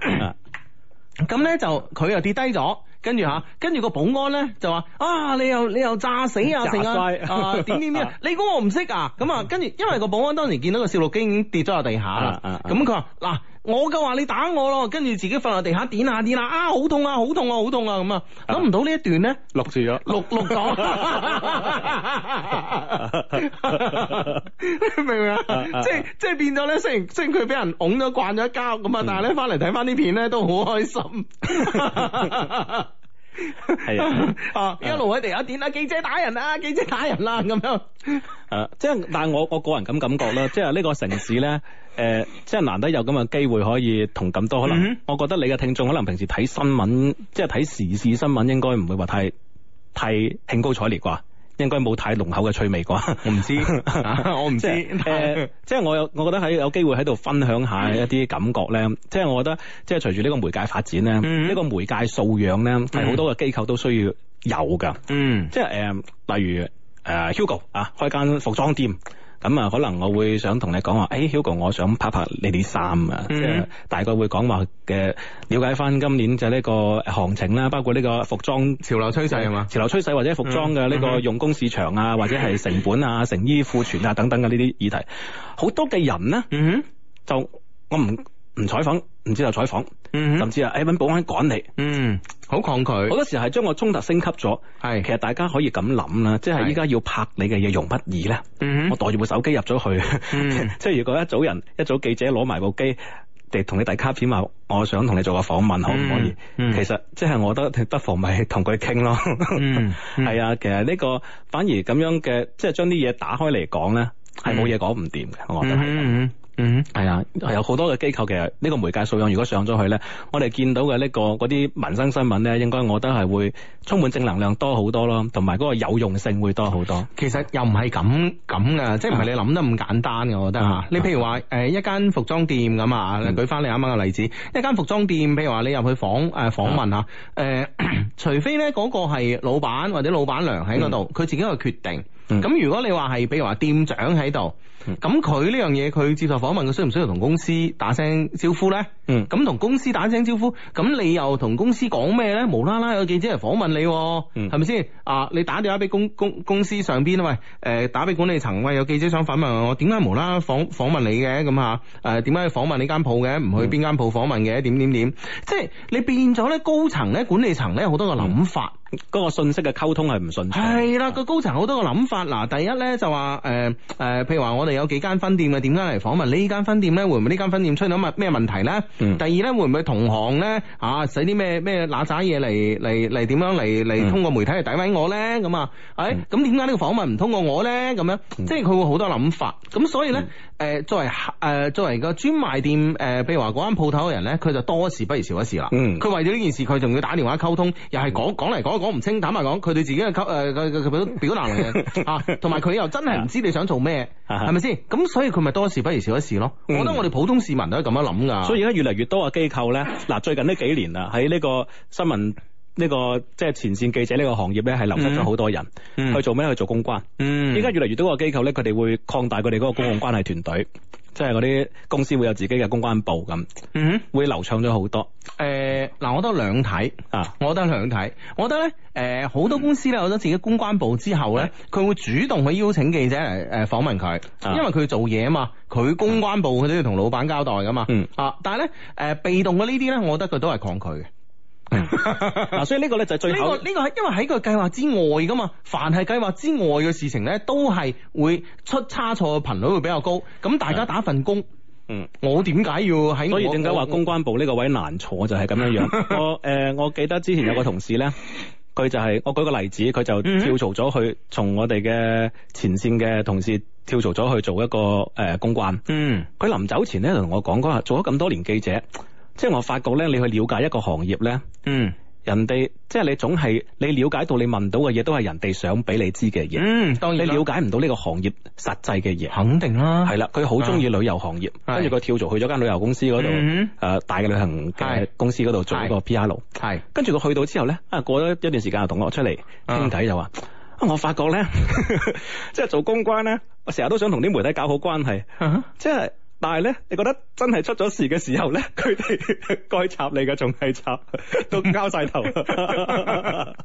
A: 咁咧 就佢又跌低咗。跟住吓、啊，跟住個保安咧就話啊，你又你又炸死啊，彩成啊啊點點點，你估我唔識啊，咁、嗯、啊跟住，因為個保安當年見到個少路經已經跌咗落地下啦，咁佢話嗱。啊嗯嗯我就話你打我咯，跟住自己瞓落地下，點下點啊啊好痛啊好痛啊好痛啊咁啊，諗唔到呢一段咧錄住咗錄錄咗， 明唔
C: 明啊？即係即係變咗咧，雖然
A: 雖然佢俾人拱咗慣咗一跤咁啊，但係咧翻嚟睇翻呢片咧都好開心。 係 啊，哦，一路喺地下點啊，記者打人啊，記者打人啦，咁樣，誒，即係，但係我我個人咁感覺啦， 即係呢個城市咧，誒、 呃，即係難得有咁嘅機會可以同咁多，可能我覺得你嘅聽眾可能平時睇新聞， 即係睇時事新聞，應該唔會話太太興高采烈啩。應該冇太濃厚嘅趣味啩，啊，我唔知，我唔知，誒，即係我有，我覺得喺有機會喺度分享一下一啲感覺咧，嗯，即係我覺得，即係隨住呢個媒介發展咧，呢，嗯，個媒介素養咧係好多嘅機構都需要有噶，嗯，即係誒，呃，例如誒，呃、Hugo 啊，開間服裝店。咁啊，可能我會想同你講話，誒、哎、Hugo 我想拍拍呢啲衫啊，即係、mm hmm. 大概會講話嘅了解翻今年就呢個行情啦，包括呢個服裝潮流趨勢係嘛？就是、潮流趨勢或者服裝嘅呢個用工市場啊，mm hmm. 或者係成本啊、成衣庫存啊等等嘅呢啲議題，好多嘅人呢，嗯、mm hmm. 就我唔唔採訪。唔知道採訪，甚至啊，誒揾保安趕你，嗯，好抗拒。好多時候係將個衝突升級咗，係。其實大家可以咁諗啦，即係依家要拍你嘅嘢容不易咧，我袋住部手機入咗去，即係如果一組人、一組記者攞埋部機，地同你遞卡片話，我想同你做個訪問，可唔可以？其實即係我覺得不妨咪同佢傾咯。嗯，係啊，其實呢個反而咁樣嘅，即係將啲嘢打開嚟講咧，係冇嘢講唔掂嘅，
B: 我覺得。嗯。嗯，係啊的，
A: 嗯、有好多嘅機構，其實呢個媒介素養如果上咗去呢，我哋見到嘅呢、那個嗰啲民生新聞呢，應該我覺得係會充滿正能量多好多咯，同埋嗰個有用性會多好多。其實又唔係咁咁噶，即係唔係你諗得咁簡單嘅，啊、我覺得吓。吧你譬如話誒、呃、一間服裝店㗎嘛，舉翻你啱啱嘅例子，嗯、一間服裝店，譬如話你入去訪誒訪問吓，誒、呃，嗯、除非呢嗰個係老闆或者老闆娘喺嗰度，佢、嗯、自己嘅決定。咁、嗯、如果你話係，譬如話店長喺度。咁佢呢樣嘢，佢接受訪問，佢需唔需要同公司打聲招呼咧？嗯，咁同公司打聲招呼，咁你又同公司講咩咧？無啦啦有記者嚟訪問你，係咪先？啊，你打電話俾公公公司上邊喂，誒打俾管理層喂，有記者想訪問我，點解無啦啦訪訪問你嘅？咁啊，誒點解去訪問你間鋪嘅？唔去邊間鋪訪問嘅？點點點？即係你變咗咧，高層咧管理層咧，好多嘅諗法，嗰、嗯嗰個信息嘅溝通係唔順暢。係啦、嗯，個高層好多嘅諗法。嗱，第一咧就話誒誒，譬如話、呃、我哋。有幾間分店啊？點解嚟訪問呢間分店咧，會唔會呢間分店出咗乜咩問題咧？嗯、第二咧，會唔會同行咧？啊，使啲咩咩那渣嘢，嚟嚟嚟？點樣嚟嚟？通過媒體嚟詆毀我咧？咁啊？哎，咁點解呢個訪問唔通過我咧？咁樣，即係佢會好多諗法。咁所以咧。嗯誒、呃，作為誒、呃，作為個專賣店誒、呃，譬如話嗰間鋪頭嘅人咧，佢就多一事不如少一事啦。嗯，佢為咗呢件事，佢仲要打電話溝通，又係講講嚟講，講唔、嗯、清，坦白講，佢對自己嘅溝誒，表表達嘅 啊，同埋佢又真係唔知你想做咩，係咪先？咁所以佢咪多一事不如少一事咯。嗯、我覺得我哋普通市民都係咁樣諗噶。所以而家越嚟越多嘅機構咧，嗱，最近呢幾年啦，喺呢個新聞。呢、這個即係前線記者呢個行業呢，係流失咗好多人，嗯、去做咩？去做公關。嗯，依家越嚟越多嘅、那個、機構呢，佢哋會擴大佢哋嗰個公共關係團隊，嗯、即係嗰啲公司會有自己嘅公關部咁。嗯，會流暢咗好多。誒，嗱，我覺得兩睇啊，我覺得兩睇。我覺得呢，誒、呃，好多公司呢，有咗自己公關部之後呢，佢、嗯、會主動去邀請記者嚟誒訪問佢，嗯、因為佢做嘢啊嘛，佢公關部佢都要同老闆交代噶嘛。啊、嗯，但係呢，誒、呃，被動嘅呢啲呢，我覺得佢都係抗拒嘅。嗱，所以呢個咧就係最後呢個呢個係因為喺個計劃之外噶嘛，凡係計劃之外嘅事情咧，都係會出差錯嘅頻率會比較高。咁大家打份工，嗯，我點解要喺所以點解話公關部呢個位難坐就係咁樣樣？ 我誒、呃，我記得之前有個同事咧，佢 就係、是、我舉個例子，佢就跳槽咗去從我哋嘅前線嘅同事跳槽咗去做一個誒、呃、公關。嗯，佢臨走前咧同我講過做咗咁多年記者，即係我發覺咧，你去了解一個行業咧。嗯，人哋即係你總係你了解到你問到嘅嘢都係人哋想俾你知嘅
B: 嘢。嗯，當
A: 然。你了解唔到呢個行業實際嘅嘢，肯定啦，啊。係啦，佢好中意旅遊行業，跟住佢跳槽去咗間旅遊公司嗰度，誒的、呃，大嘅旅行嘅公司嗰度做呢個 PR。係，跟住佢去到之後咧，啊，過咗一段時間又同我出嚟傾偈，的就話啊，我發覺咧， 即係做公關咧，我成日都想同啲媒體搞好關係，即係的。但係咧，你覺得真係出咗事嘅時候咧，佢哋該插你嘅仲係插，都交晒頭。嗱，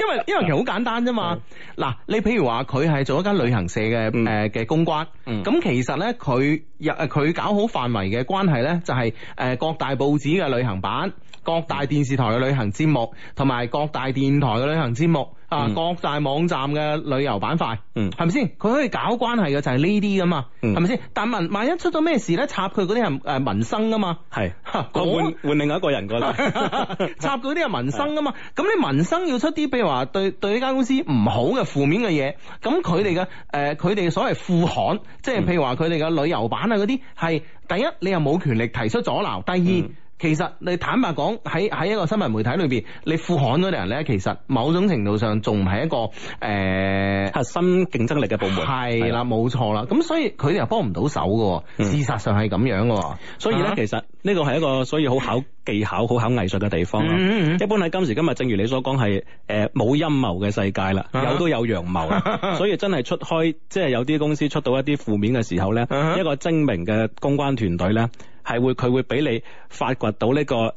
A: 因為因為其實好簡單啫嘛。嗱， 你譬如話佢係做一間旅行社嘅誒嘅公關，咁、嗯、其實咧佢又佢搞好範圍嘅關係咧，就係、是、誒各大報紙嘅旅行版、各大電視台嘅旅行節目，同埋各大電台嘅旅行節目。啊！各大網站嘅旅遊板塊，嗯，係咪先？佢可以搞關係嘅就係呢啲噶嘛，係咪先？但萬萬一出咗咩事咧，插佢嗰啲係誒民生噶嘛，係是。我換換另外一個人過嚟，插嗰啲係民生噶嘛。咁的你民生要出啲，譬如話對對呢間公司唔好嘅負面嘅嘢，咁佢哋嘅誒佢哋所謂副刊，即係譬如話佢哋嘅旅遊版啊嗰啲，係第一你又冇權力提出阻撓，第二。嗯其實你坦白講喺喺一個新聞媒體裏邊，你副刊嗰啲人呢，其實某種程度上仲唔係一個誒、欸、核心競爭力嘅部門。係啦的，冇錯啦。咁所以佢哋又幫唔到手嘅，嗯、事實上係咁樣嘅。所以呢，其實呢個係一個所以好考技巧、好考藝術嘅地方。嗯嗯、一般喺今時今日，正如你所講，係誒冇陰謀嘅世界啦，啊、有都有陽謀啊。所以真係出開即係、就是、有啲公司出到一啲負面嘅時候呢，嗯嗯、一個精明嘅公關團隊呢。係會，佢會俾你發掘到呢個。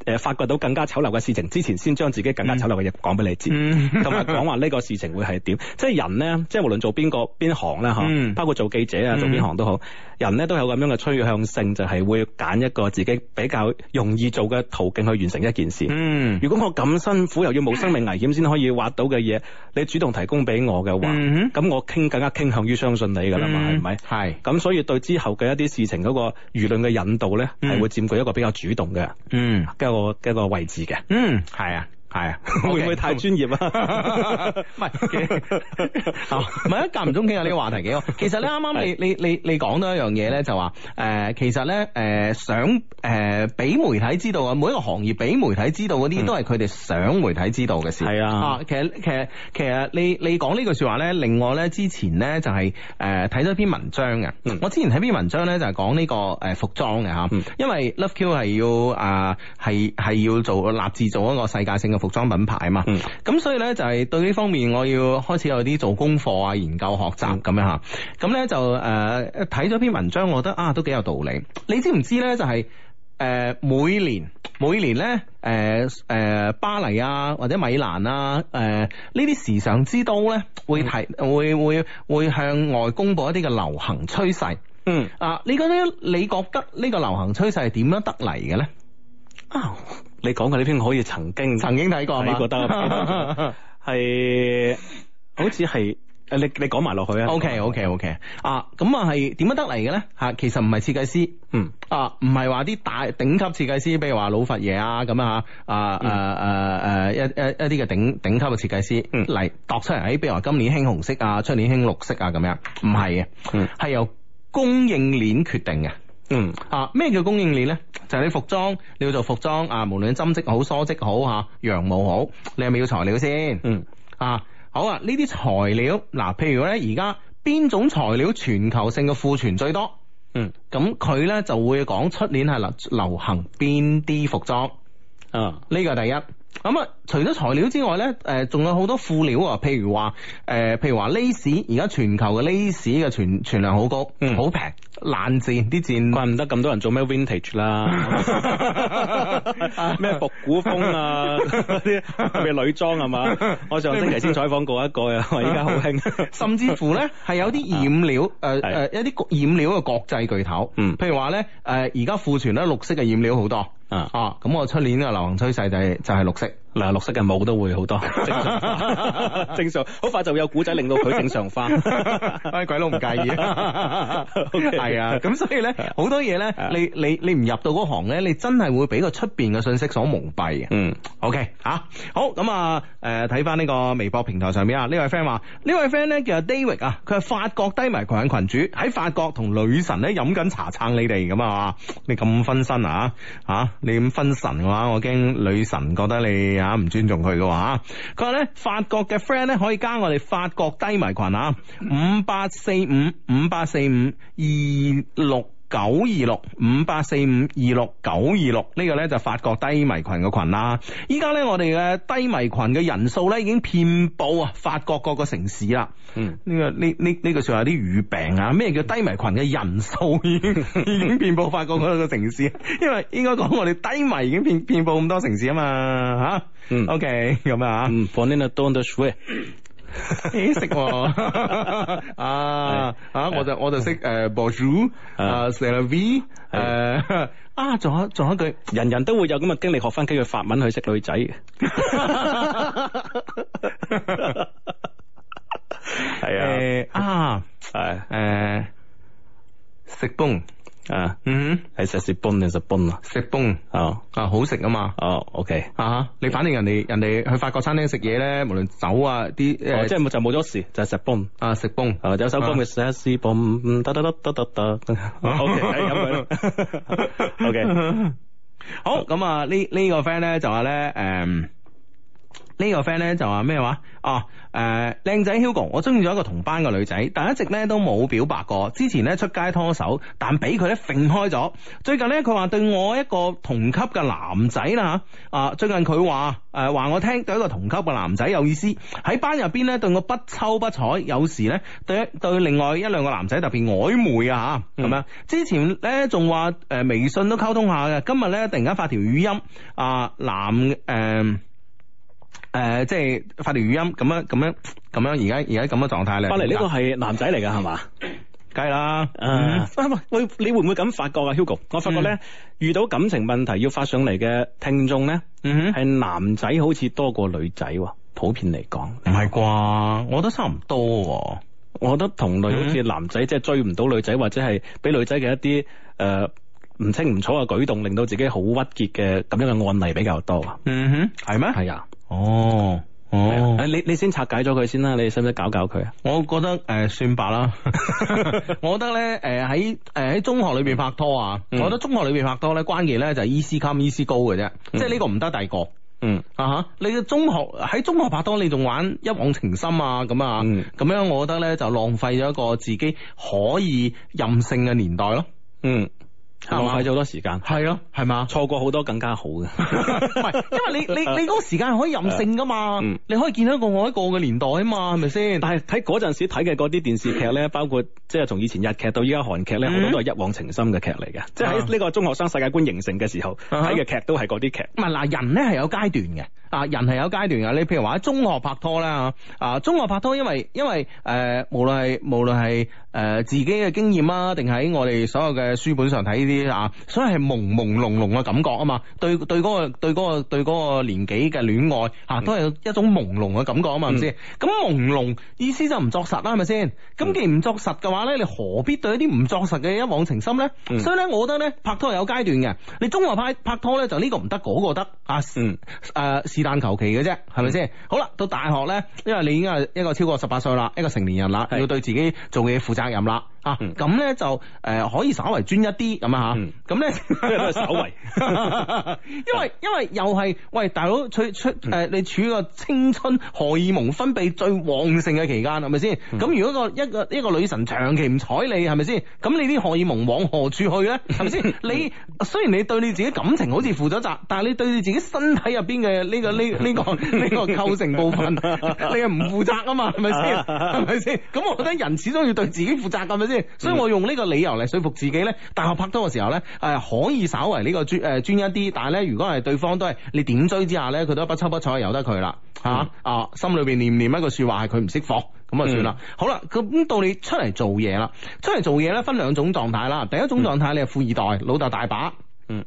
A: 誒、呃，發掘到更加醜陋嘅事情之前，先將自己更加醜陋嘅嘢講俾你知，同埋講話呢個事情會係點？嗯、即係人呢，即係無論做邊個邊行啦，嗯、包括做記者啊，做邊行都好，人呢都有咁樣嘅趨向性，就係、是、會揀一個自己比較容易做嘅途徑去完成一件事。嗯、如果我咁辛苦又要冇生命危險先可以挖到嘅嘢，你主動提供俾我嘅話，咁、嗯、我傾更加傾向於相信你噶啦嘛，係咪、嗯？係，咁是所以對之後嘅一啲事情嗰、那個輿論嘅引導呢，係會佔據一個比較主動嘅。嗯。嗯一個一個位置嘅，嗯，係啊。係啊，okay，會唔會太專業啊？唔 係， 唔係啊，間唔中傾下呢個話題幾好。其實咧，啱啱你你你你講到一樣嘢咧，就話誒其實咧誒、呃、想誒俾、呃、媒體知道啊，每一個行業俾媒體知道啲，都係佢哋想媒體知道嘅事。係、 嗯、啊，其實其實其實你你講呢句說話咧，令我咧之前咧就係誒睇咗篇文章嘅。嗯， 我之前睇篇文章咧就係講呢個誒服裝嘅嚇，因為 Love Q 係要啊係係要做立志做一個世界性嘅。服裝品牌啊嘛，咁、嗯、所以咧就係、是、對呢方面我要開始有啲做功課啊、研究學習咁樣吓，咁咧就誒睇咗篇文章，我覺得啊都幾有道理。你知唔知咧就係、是、誒、呃、每年每年咧誒誒巴黎啊或者米蘭啊誒呢啲時尚之都咧會提、嗯、會會會會向外公布一啲嘅流行趨勢。嗯啊，你覺得你覺得呢個流行趨勢係點樣得嚟嘅咧？啊你講嘅呢篇可以曾經曾經睇過，你覺得係好似係誒？你你講埋落去啊？O K O K O K 啊！咁啊係點樣得嚟嘅咧？吓、啊，其實唔係設計師，嗯啊，唔係話啲大頂級設計師，比如話老佛爺啊咁啊，啊、嗯、啊啊啊一一一啲嘅頂頂級嘅設計師嚟、嗯、度出嚟，喺比如話今年興紅色啊，出年興綠色啊，咁樣唔係嘅，係、嗯、由供應鏈決定嘅。嗯啊，咩叫供應鏈呢？就係、是、你服裝，你要做服裝啊，無論針織好、梳織好、吓羊毛好，你係咪要材料先？嗯啊，好啊，呢啲材料嗱、啊，譬如呢，而家邊種材料全球性嘅庫存最多？嗯，咁佢呢就會講出年係流流行邊啲服裝？嗯、啊，呢個第一。咁啊，除咗材料之外咧，誒，仲有好多副料啊，譬如話，誒，譬如話蕾絲，而家全球嘅蕾絲嘅存存量好高，嗯，好平，冷戰啲戰，怪唔得咁多人做咩 Vintage 啦，咩復古風啊，啲咩女裝係嘛，我上星期先採訪過一個啊，我依家好興，甚至乎咧係有啲染料，誒誒，一啲染料嘅國際巨頭，嗯，譬如話咧，誒，而家庫存咧綠色嘅染料好多。嗯、啊，哦，咁我出年嘅流行趨勢就係、就係、係、綠色。嗱，綠色嘅帽都會好多正常， 正常，好快就會有古仔令到佢正常化。喂，鬼佬唔介意啊，係啊，咁所以咧，好多嘢咧，你你你唔入到嗰行咧，你真係會俾個出邊嘅信息所蒙蔽嘅。嗯，OK 嚇、啊，好咁啊，誒，睇翻呢個微博平台上面啊，位位呢位 friend 話，呢位 friend 咧叫 David 啊，佢係法國低迷群群主，喺法國同女神咧飲緊茶撐你哋咁啊，你咁分身啊，嚇、啊，你咁分神嘅、啊、話，我驚女神覺得你。 唔尊重佢嘅話，佢話咧法國嘅 friend 咧可以加我哋法國低迷群啊，五八四五，五八四五二六。九二六五八四五二六九二六呢個咧就法國低迷群嘅群啦，依家咧我哋嘅低迷群嘅人數咧已經遍布啊法國各個城市啦。嗯，呢個呢呢呢個仲有啲語病啊？咩叫低迷群嘅人數已經已經遍布法國各個城市？因為應該講我哋低迷已經遍遍布咁多城市啊嘛吓。OK 咁啊。嗯 o n t i n e s u、okay, 你食啊？ 啊，我就我就識誒 Bonjour 啊 Salve 誒、uh,，啊，仲有仲有一句，人人都會有咁嘅經歷，學翻幾句法文去識女仔。係 啊，誒啊、uh, uh, uh,，係誒，食崩。誒，嗯哼，係食石崩定食崩啊？石崩哦，啊好食啊嘛！哦，OK，啊，你反正人哋人哋去法國餐廳食嘢咧，無論酒啊啲，哦，即係冇就冇咗事，就係石崩啊，石崩，有首歌叫食石崩，得得得得得得，OK 係咁樣，OK，好咁啊，呢呢個 friend 咧就話咧，誒。個呢個 friend 咧就話咩話？啊，誒、呃，靚仔 Hugo，我中意咗一個同班嘅女仔，但一直咧都冇表白過。之前咧出街拖手，但俾佢咧甩開咗。最近咧佢話對我一個同級嘅男仔啦吓，啊，最近佢話誒話我聽對一個同級嘅男仔有意思，喺班入邊咧對我不瞅不睬，有時咧對對另外一兩個男仔特別曖昧啊吓，咁樣。之前咧仲話誒微信都溝通下嘅，今日咧突然間發條語音，啊男誒。呃誒、呃，即係發條語音咁樣，咁樣，咁樣。而家而家咁樣狀態咧，發嚟呢個係男仔嚟噶係嘛？梗係啦。喂喂，你會唔會咁發覺啊？Hugo，我發覺咧、嗯、遇到感情問題要發上嚟嘅聽眾咧，係、嗯、哼男仔好似多過女仔，普遍嚟講唔係啩？我覺得差唔多、啊。我覺得同類好似男仔、嗯、即係追唔到女仔，或者係俾女仔嘅一啲誒唔清唔楚嘅舉動，令到自己好鬱結嘅咁樣嘅案例比較多啊。嗯
B: 哼，
A: 係咩嗎？係啊。 哦，哦，誒，你你先拆解咗佢先啦，你使唔使搞搞佢啊？我覺得誒、呃，算白啦。我覺得咧，誒喺誒喺中學裏邊拍拖啊，mm. 我覺得中學裏邊拍拖咧，關鍵咧就係 easy come, easy go 嘅啫，mm. 即係呢個唔得第二個。嗯啊哈，huh, 你嘅中學喺中學拍拖，你仲玩一往情深啊咁啊，咁、mm. 樣我覺得咧就浪費咗一個自己可以任性嘅年代咯、啊。嗯。Mm. 浪費咗好多時間，係咯、啊，係嘛，錯過好多更加好
B: 嘅。唔係，因為你你你嗰個
A: 時間係可以任性噶嘛，啊、你可以見到各個我喺我嘅年代嘛，係咪先？是是但係喺嗰陣時睇嘅嗰啲電視劇咧， 包括即係從以前日劇到依家韓劇咧，好、嗯、多都係一往情深嘅劇嚟嘅， 即係喺呢個中學生世界觀形成嘅時候睇嘅劇都係嗰啲劇。唔係嗱，人咧係有階段嘅。啊，人係有階段噶，你譬如話喺中學拍拖啦，啊，中學拍拖因，因為因為誒，無論係無論係誒自己嘅經驗啊，定喺我哋所有嘅書本上睇呢啲啊，所以係朦朦朧朧嘅感覺啊嘛，對對嗰個對嗰個對嗰個年紀嘅戀愛啊，都係一種朦朧嘅感覺啊嘛，係咪先？咁朦朧意思就唔作實啦，係咪先？咁既唔作實嘅話咧，你何必對一啲唔作實嘅一往情深咧？嗯，所以咧，我覺得咧，拍拖係有階段嘅，你中學拍拍拖咧就呢個唔得，嗰個得啊，誒依單求其嘅啫，係咪先？嗯、好啦，到大學咧，因為你已經係一個超過十八歲啦，一個成年人啦，要對自己做嘢負責任啦。啊，咁咧就誒、呃、可以稍為專一啲咁啊吓，咁咧稍為，因為因為又係喂大佬，處處誒你處於個青春荷爾蒙分泌最旺盛嘅期間，係咪先？咁、嗯、如果個一個一個女神長期唔睬你，係咪先？咁你啲荷爾蒙往何處去咧？係咪先？你雖然你對你自己感情好似負咗責，但係你對你自己身體入邊嘅呢個呢呢、嗯這個呢、這個這個構成部分，你係唔負責啊嘛？係咪先？係咪先？咁我覺得人始終要對自己負責噶嘛。是即所以我用呢個理由嚟說服自己咧，大學拍拖嘅時候咧，誒、呃、可以稍為呢個專誒專一啲，但係咧如果係對方都係你點追之下咧，佢都不抽不睬，由得佢啦吓啊，心裏邊念念一個說話係佢唔識貨，咁啊算啦。嗯、好啦，咁到你出嚟做嘢啦，出嚟做嘢咧分兩種狀態啦。第一種狀態、嗯、你係富二代，老豆大把，嗯，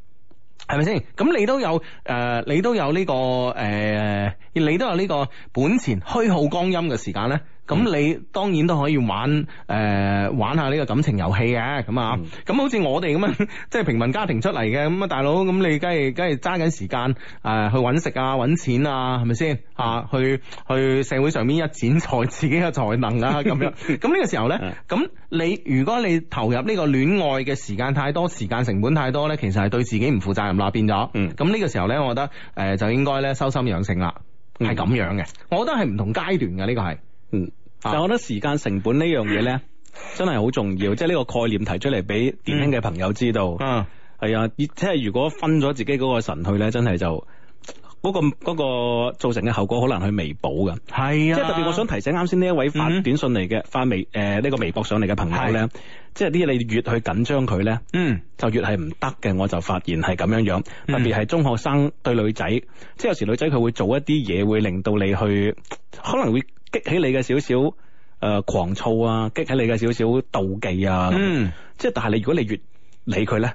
A: 係咪先？咁你都有誒、呃，你都有呢、這個誒、呃，你都有呢、這個呃、個本錢虛耗光陰嘅時間咧。咁、嗯、你當然都可以玩誒、呃、玩下呢個感情遊戲嘅咁啊。咁、嗯、好似我哋咁樣，即 係平民家庭出嚟嘅咁啊，大佬咁你梗係梗係揸緊時間誒、呃、去揾食啊、揾錢啊，係咪先啊？去去社會上面一展才自己嘅才能啊。咁咁呢個時候呢，咁你如果你投入呢個戀愛嘅時間太多，時間成本太多呢，其實係對自己唔負責任啦。變咗，嗯，咁呢個時候呢，我覺得誒、呃、就應該呢收心養性啦，係咁樣嘅。嗯、我覺得係唔同階段嘅呢、呢個係。嗯，但、就、係、是、我覺得時間成本呢樣嘢咧，啊、真係好重要， 即係呢個概念提出嚟俾年輕嘅朋友知道。嗯，係啊，即係如果分咗自己嗰個神去咧，真係就嗰、那個嗰、那個、造成嘅後果好難去彌補嘅。係啊，即係特別我想提醒啱先呢一位發短信嚟嘅、嗯、發微誒呢、呃這個微博上嚟嘅朋友咧，的即係啲嘢你越去緊張佢咧，嗯，就越係唔得嘅。我就發現係咁樣樣，特別係中學生對女仔，嗯、即係有時女仔佢會做一啲嘢，會令到你去可能會。激起你嘅少少誒狂躁啊，激起你嘅少少妒忌啊，嗯，即係但係你如果你越理佢咧。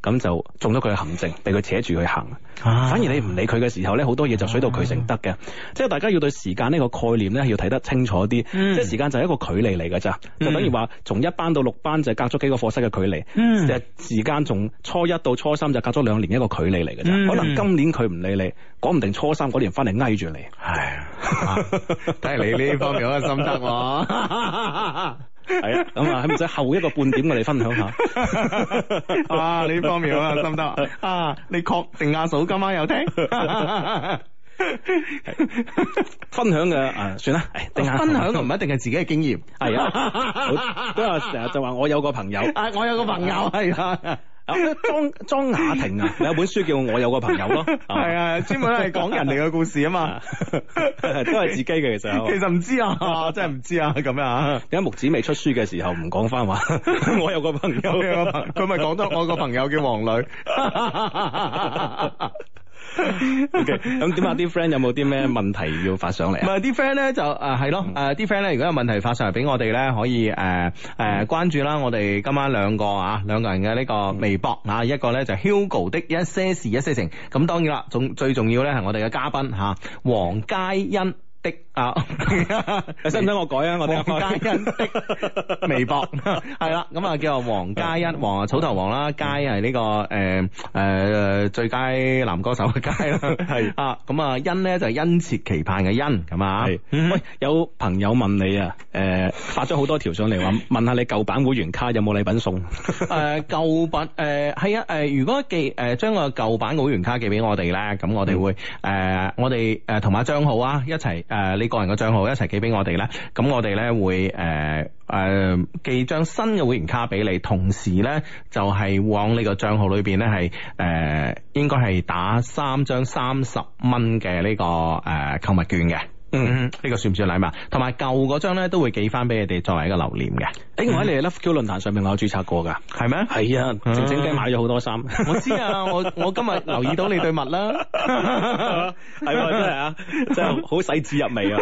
A: 咁就中咗佢嘅行政，被佢扯住佢行。啊、反而你唔理佢嘅時候咧，好多嘢，就水到渠成得嘅。即係、啊、大家要對時間呢個概念咧，要睇得清楚啲。嗯、即係時間就係一個距離嚟噶咋，嗯、就等於話從一班到六班就隔咗幾個課室嘅距離。其實、嗯、時間從初一到初三就隔咗兩年一個距離嚟噶咋。嗯、可能今年佢唔理你，講唔定初三嗰年翻嚟挨住你。係、嗯，
B: 睇嚟你呢方面嘅心得喎。
A: 係啊，咁啊，使唔使後一個半點我哋分享下，
B: 啊，你呢
A: 方面好啊，心得啊？你確定阿嫂今晚有聽？分享嘅啊，算啦，定分享唔一定係自己嘅經驗，係啊，都有成日就話我有個朋友，啊，我有個朋友係。啊，莊莊雅婷啊， 有本書叫我有個朋友咯，係啊，專門係講人哋嘅故事啊
B: 嘛，
A: 都係自己嘅其實， 其實唔知啊， 啊，真係唔知啊，咁樣啊，點解 木子未出書嘅時候唔講翻話， 我有個朋友，佢咪講多我個朋友叫黃女。 OK，咁點啊？啲、嗯、friend 有冇啲咩問題要發上嚟？唔係啲 friend 咧就誒係咯，誒啲 friend 咧如果有問題發上嚟俾我哋咧，可以誒誒、呃呃、關注啦。我哋今晚兩個啊兩個人嘅呢個微博啊，一個咧就 Hugo 的一些事一些情。咁、啊、當然啦，最最重要咧係我哋嘅嘉賓嚇黃、啊、佳欣。的啊，使唔使我改啊？我哋阿嘉欣的微博係啦，咁啊叫做黃嘉欣，黃啊草頭黃啦，家係呢個誒誒最佳男歌手嘅家啦，係啊，咁啊欣咧就係殷切期盼嘅欣，咁啊，係。喂，有朋友問你啊，誒發咗好多條上嚟話，問下你舊版會員卡有冇禮品送？誒舊版誒係啊，誒如果寄誒將個舊版嘅會員卡寄俾我哋咧，咁我哋會誒我哋誒同埋張浩啊一齊誒、呃，你個人嘅賬號一齊寄俾我哋呢，咁我哋呢會誒誒、呃呃、寄張新嘅會員卡俾你，同時呢就係、是、往你個賬號裏邊呢係誒，應該係打三張三十蚊嘅呢個誒購、呃、物券嘅。嗯呢、這個算唔算禮物？同埋舊嗰張呢都會寄翻俾你哋作為一個留念嘅。誒、欸，我喺你嘅 l o v e q 論壇上面我有注冊過噶，係咩嗎？係啊，靜靜雞買咗好多衫。 我知啊，我我今日留意到你對襪啦，係嘛， 真係啊，真係好細致入味啊！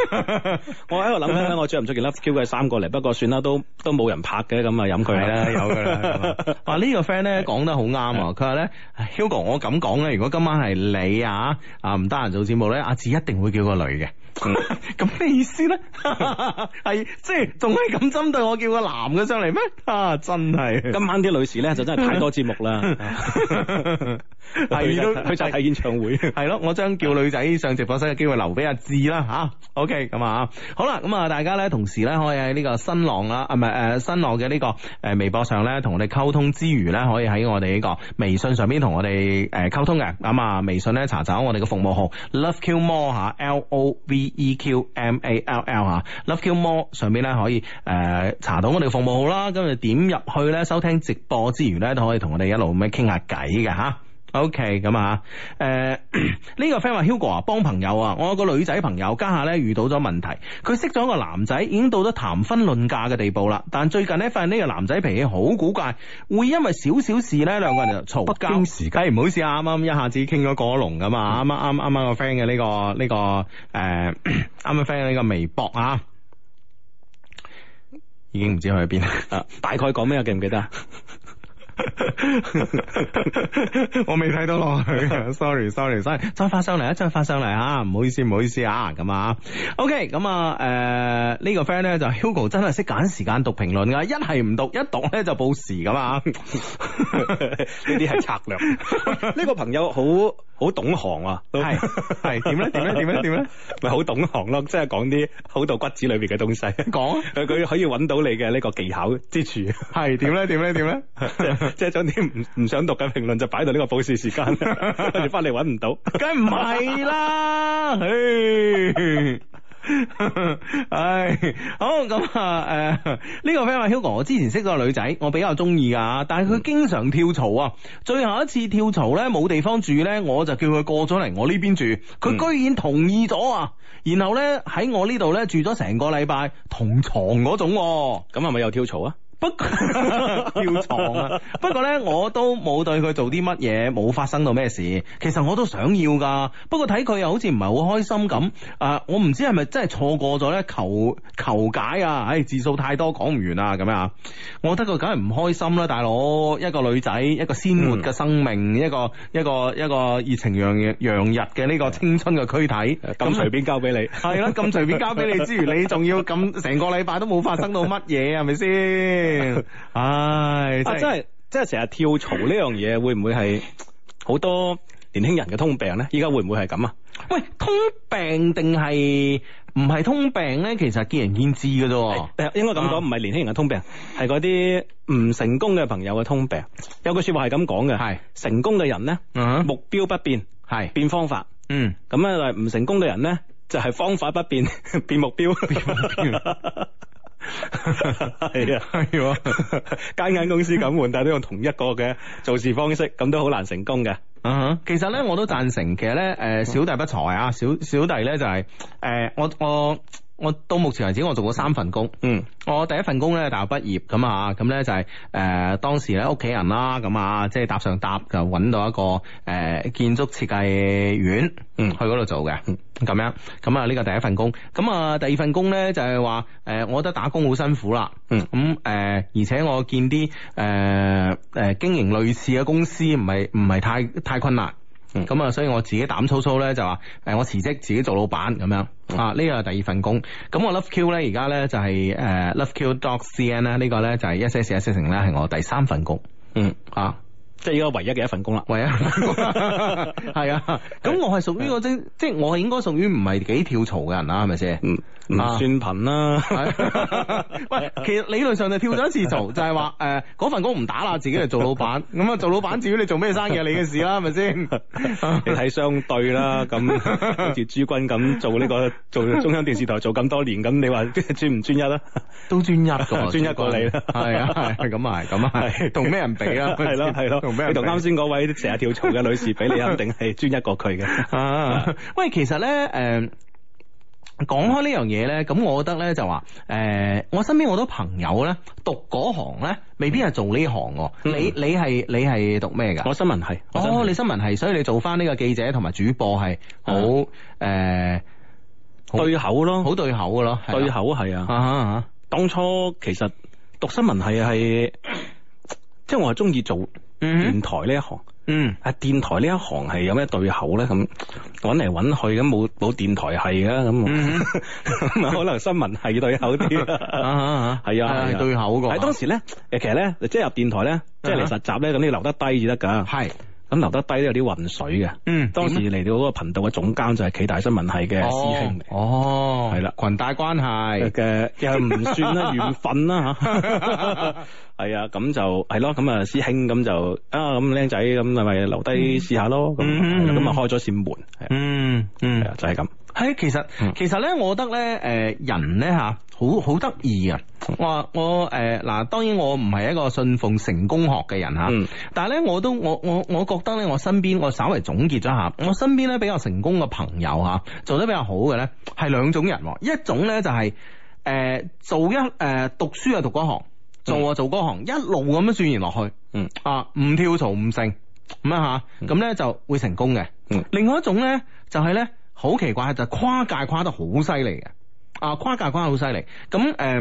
A: 我喺度諗咧，我有有着唔出件 l o v e q 嘅衫過嚟，不過算啦，都都冇人拍嘅，咁啊飲佢啦，有佢。啦。嗱呢個 friend 咧講得好啱，啊，佢話咧，Hugo，我咁講咧，如果今晚係你啊啊唔得閒做節目咧，阿子一定會叫個女嘅。咁咩意思咧？係即係仲係咁針對我叫個男？冚佢上嚟咩？啊，真係！今晚啲女士咧就真係太多節目啦。
B: 係啊，佢就睇
A: 演唱會。係咯，我將叫女仔上直播室嘅機會留俾阿志啦。吓，OK，咁啊，好啦，咁啊，大家咧同時咧可以喺呢個新浪啊，唔係誒新浪嘅呢個誒微博上咧同我哋溝通之餘咧可以喺我哋呢個微信上邊同我哋誒溝通嘅。咁啊，微信咧查找我哋嘅服務號 LoveQMore 吓，誒啊，L-O-V-E-Q-M-A-L-L 吓，LoveQMore 上邊咧可以誒查到我哋。服務啦，咁就點入去咧收聽直播之餘咧，都可以同我哋一路咁樣傾下偈嘅吓。OK，咁啊，誒、呃，呢、這個 friend 話，Hugo 啊，幫朋友啊，我有個女仔朋友家下咧遇到咗問題，佢識咗個男仔，已經到咗談婚論嫁嘅地步啦。但最近咧發現呢個男仔脾氣好古怪，會因為少少事咧兩個人就嘈交。北時間唔好意思啊，啱啱、哎、一,一下子傾咗過龍噶嘛，啱啱啱啱個 friend 嘅呢個呢、這個誒，啱啱 friend 呢個微博啊。已經唔知去邊啊！大概講咩啊？記唔記得啊？ 我未睇到落去，sorry，sorry，sorry，再 sorry 發上嚟啊，再發上嚟吓，唔好意思，唔好意思啊，咁啊，OK，咁啊，誒、呃，這個、呢個 friend 咧就是、Hugo 真係識揀時間讀評論噶，一係唔讀，一讀咧就報時咁啊，呢啲係策略。呢 個朋友好好懂行啊，係係點咧？點咧？點咧？點咧？咪好懂行咯，即係講啲好到骨子裏邊嘅東西。講佢 說，可以揾到你嘅呢個技巧之處。係點咧？點咧？點咧？ 即係種啲唔唔想讀嘅評論就擺到呢個報時時間，我哋翻嚟揾唔到，
B: 梗唔係啦，唉、 哎，好咁啊，誒，呢、呃這
A: 個 f r i e n Hugo，我之前識咗個女仔，我比較中意噶，但係佢經常跳槽啊，最後一次跳槽咧冇地方住咧，我就叫佢過咗嚟我呢邊住，佢居然同意咗啊，然後咧喺我呢度咧住咗成個禮拜，同床嗰種、啊，咁係咪又跳槽啊？不過叫床啊！不過呢，我都冇對佢做啲乜嘢，冇發生到咩事。其實我都想要㗎，不過睇佢又好似唔係好開心咁。誒、呃，我唔知係咪真係錯過咗呢？求求解啊！唉、哎，字數太多講唔完啊，咁樣我覺得佢梗係唔開心啦。大佬，一個女仔，一個鮮活嘅生命，嗯、一個一個一個熱情洋洋溢嘅呢個青春嘅軀體，咁、嗯、那隨便交俾你係咯，咁那隨便交俾你， 你之餘，你仲要咁成個禮拜都冇發生到乜嘢，係咪先？唉、啊，真係真係成日跳槽呢樣嘢，會唔會係好多年輕人嘅通病咧？依家會唔會係咁啊？喂，通病定係唔係通病咧？其實見仁見智噶啫。應該咁講，唔係、啊、年輕人嘅通病，係嗰啲唔成功嘅朋友嘅通病。有句說話係咁講嘅，係是成功嘅人咧，uh huh. 目標不變，係是變方法。嗯，咁咧唔成功嘅人咧，就係、是、方法不變，變目標。變目標 係啊，係啊 是的，間 間公司咁換，但係都用同一個嘅做事方式，咁都好難成功嘅。啊、uh-huh. 其實咧我都贊成，其實咧，誒、huh. 呃，小弟不才啊，小小弟咧就係、是，誒、呃，我我。我到目前為止，我做過三份工。嗯，我第一份工咧，大學畢業咁啊，咁咧就係誒，當時咧屋企人啦，咁啊，即係搭上搭就搵到一個誒建築設計院，嗯，去嗰度做嘅，咁樣。咁啊，呢個第一份工。咁啊，第二份工咧就係話，誒，我覺得打工好辛苦啦。嗯，咁誒，而且我見啲誒誒經營類似嘅公司，唔係唔係太太困難。咁啊，嗯、所以我自己膽粗粗咧就話，誒，我辭職自己做老闆咁樣啊，呢個係第二份工。咁我 Love Q 咧而家咧就係誒 Love Q dot cn 啦，呢個咧就係一些事一些情咧係我第三份工。嗯啊。嗯即係而家唯一嘅一份工啦，唯一一份工，係啊，咁我係屬於個即即我係應該屬於唔係幾跳槽嘅人啦，係咪先？唔算貧啦。喂，其實理論上就跳咗一次槽，就係話誒嗰份工唔打啦，自己嚟做老闆。咁啊做老闆，至於你做咩
B: 生意，你嘅事啦，
A: 係咪先？你睇相對啦，咁好似朱軍咁做呢個做中央電視台做咁多年，咁你話專唔專一啦？都專一嘅，專一過你啦，係啊，係咁啊，係咁啊，係，同咩人比啊。係咯係咯。你同啱先嗰位成日跳槽嘅女士 比，你肯定係專一過佢嘅。喂，其實咧，誒、呃，講開呢樣嘢咧，咁 我覺得咧就話，誒、呃，我身邊好多朋友咧讀嗰行咧，未必係做呢行 你。你你係你係讀咩噶？我新聞系，哦，oh, 你新聞系，所以你做翻呢個記者同埋主播係好誒對口咯，好對口嘅咯，對口係啊。啊啊啊！當初其實讀新聞系，係，即係、就是、我係中意做。電台呢一行，嗯， 啊，電台呢一行係有咩對口咧？咁揾嚟揾去咁冇冇電台係噶咁，可能新聞係對口啲。係啊，
B: 係對
A: 口噶。但係當時咧，誒，其實咧，即係入電台咧，即係嚟實習咧，咁你要留得低至得噶。係。 咁留得低都有啲混水嘅，嗯，
B: 當時嚟
A: 到，嗰個頻道嘅總監就係暨大新聞系嘅師兄，嚟。哦，係啦，裙帶關係嘅，又唔算啦，緣分啦吓，係啊，咁就係咯，咁啊師兄，咁就啊咁靚仔，咁係咪留低試下咯，咁，咁啊開咗扇門，
B: 係啊，嗯，係啊，
A: 就係、是、咁。喺其實其實咧，我覺得咧，誒人咧吓，好好得意啊！我我誒嗱，當然我唔係一個信奉成功學嘅人吓，嗯、但係咧，我都我我我覺得咧，我身邊我稍微總結咗下，我身邊咧比較成功嘅朋友吓做得比較好嘅咧，係兩種人，一種咧就係、是、誒、呃、做一誒讀書啊讀嗰行，做啊做嗰行一路咁樣鑽研落去，嗯啊唔跳槽唔升咁啊吓，咁咧、嗯、就會成功嘅。嗯、另外一種咧就係、是、咧。好奇怪，就是、跨界跨得好犀利嘅啊！跨界跨得好犀利咁。誒、呃，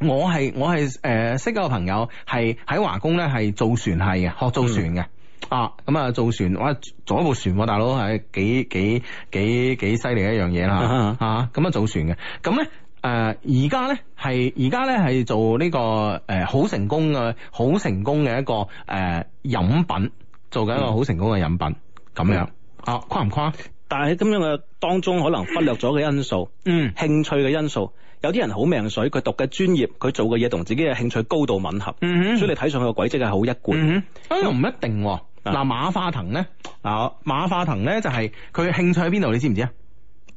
A: 我係我係誒、呃、識咗個朋友係喺華工咧，係做船係嘅，學造船嘅、嗯、啊。咁、嗯、啊，造船哇，做一部船大佬係幾幾幾幾犀利嘅一樣嘢啦吓。咁啊，造、嗯啊、船嘅咁咧誒，而家咧係而家咧係做呢個誒好成功嘅好成功嘅一個誒飲品，做緊一個好成功嘅飲品咁樣、嗯、啊，跨唔跨？但係喺咁樣嘅當中，可能忽略咗嘅因素，嗯，興趣嘅因素，有啲人好命水，佢讀嘅專業，佢做嘅嘢同自己嘅興趣高度吻合，嗯哼嗯，所以你睇上去個軌跡係好一貫、嗯哎，又唔一定、啊。嗱，馬化騰咧，嗱，馬化騰咧就係佢嘅興趣喺邊度，你知唔知啊？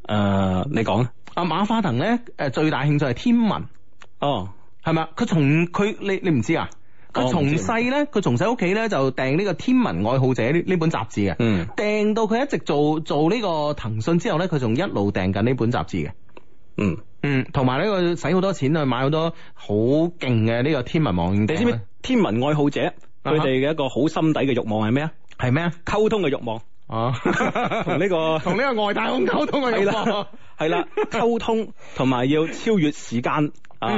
A: 誒，你講啦。阿馬化騰咧，誒，最大興趣係天文。哦是是，係咪？佢從佢你你唔知啊？佢從細咧，佢從細屋企咧就訂呢個天文愛好者呢呢本雜誌嘅，嗯、訂到佢一直做做呢個騰訊之後咧，佢仲一路訂緊呢本雜誌嘅。嗯嗯，同埋呢佢使好多錢去買好多好勁嘅呢個天文望遠鏡。你知唔知天文愛好者佢哋嘅一個好心底嘅慾望係咩啊、 這個？係咩啊？溝通嘅慾望啊！同呢個同呢個外太空溝通嘅慾望係啦，溝通同埋要超越時間。啊！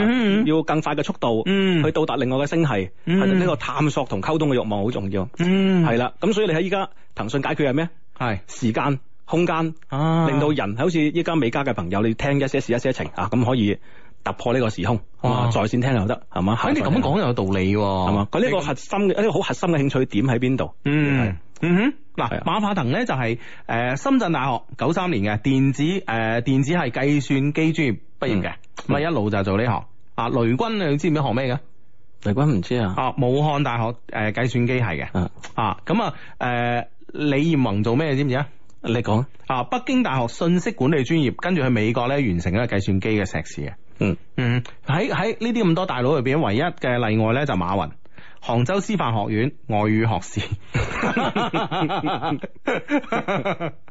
A: 要更快嘅速度，嗯，去到達另外嘅星系，嗯，呢個探索同溝通嘅慾望好重要，係啦。咁所以你喺依家騰訊解決係咩？係時間、空間，令到人係好似依家美加嘅朋友，你聽一些事、一些情啊，咁可以突破呢個時空，在綫聽又得，係嘛？咁你咁樣講又有道理，係嘛？佢呢個核心嘅，呢個好核心嘅興趣點喺邊度？嗯，嗯哼，嗱，馬化騰咧就係誒深圳大學九三年嘅電子誒電子系計算機專業畢業嘅。咪、嗯嗯、一路就做呢行啊！雷軍你知唔知學咩㗎？雷軍唔知啊。啊，武漢大學誒，計算機系嘅。啊，咁啊，誒，李彥宏做咩？知唔知啊？你講啊！北京大學信息管理專業，跟住去美國咧完成一個計算機嘅碩士啊。嗯嗯，喺喺呢啲咁多大佬入邊，唯一嘅例外咧就是，馬雲，杭州師範學院外語學士。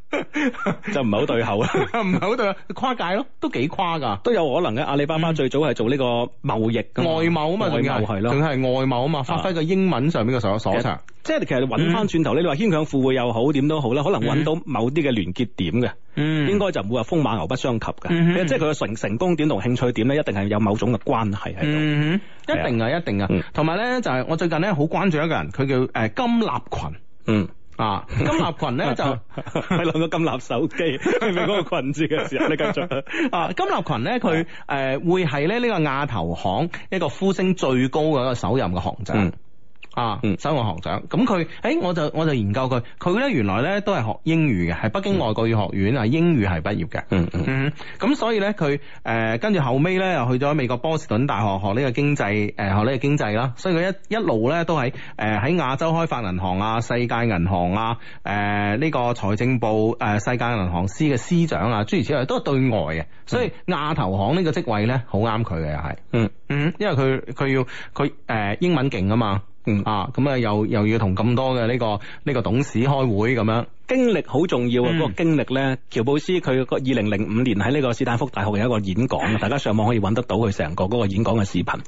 A: 就唔係好對口啦，唔係好對，跨界咯，都幾跨噶，都有可能嘅。阿里巴巴最早係做呢個貿易，嘅，外貿啊嘛，外貿係咯，淨係外貿啊嘛，發揮個英文上面嘅所所長。即係其實揾翻轉頭你話牽強附會又好，點都好啦，可能揾到某啲嘅連結點嘅，嗯，應該就唔會話風馬牛不相及嘅，即係佢嘅成成功點同興趣點咧，一定係有某種嘅關係喺度，一定啊，一定啊。同埋咧，就係我最近咧好關注一個人，佢叫誒金立群，嗯。啊，金立群咧 就係 兩個金立手機，係咪嗰個群字嘅時候？ 你繼續啊，金立群咧佢誒會係咧呢個亞投行一個呼聲最高嘅一個首任嘅行長。嗯 s um、啊，啊，嗯，修外學長，咁佢、嗯，誒，我就我就研究佢，佢咧原來咧都係學英語嘅，係北京外國語學院啊、嗯、英語系畢業嘅，嗯嗯、咁、嗯、所以咧佢，誒、呃，跟住後尾咧又去咗美國波士頓大學學呢個經濟，誒、呃、學呢個經濟啦、呃，所以佢一一,一路咧都喺，誒、呃、喺亞洲開發銀行啊、世界銀行啊、誒呢、啊呢個財政部誒、呃、世界銀行司嘅司長啊，諸如此類都係對外嘅，所以亞投行呢個職位咧好啱佢嘅又係，嗯嗯，因為佢佢要佢，誒、呃、英文勁、呃、啊嘛。啊啊啊啊啊嗯啊，咁啊，又又要同咁多嘅呢個呢個董事開會咁樣，經歷好重要啊！嗰、嗯、個經歷咧，喬布斯佢個二零零五年喺呢個斯坦福大學有一個演講，嗯、大家上網可以揾得到佢成個嗰個演講嘅視頻。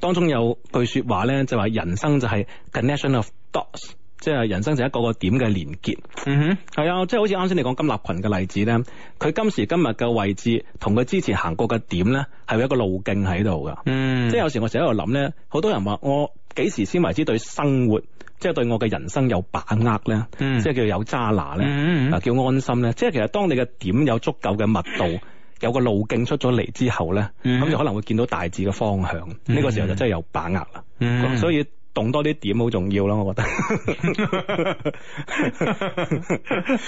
A: 當中有句說話咧，就話人生就係 connection of dots，即係人生就一個個點嘅連結。嗯哼，係啊，即係好似啱先你講金立群嘅例子咧，佢今時今日嘅位置同佢之前行過嘅點咧，係有一個路徑喺度噶。嗯，即係有時我成日喺度諗咧，好多人話我。幾時先為之對生活，即係對我嘅人生有把握咧？即係叫有渣拿咧，啊叫安心咧？Darwin、即係其實當你嘅點有足夠嘅密度，有個路徑出咗嚟之後咧，咁就可能會見到大致嘅方向。呢、這個時候就真係有把握啦。咁所以動多啲點好重要咯，我覺得。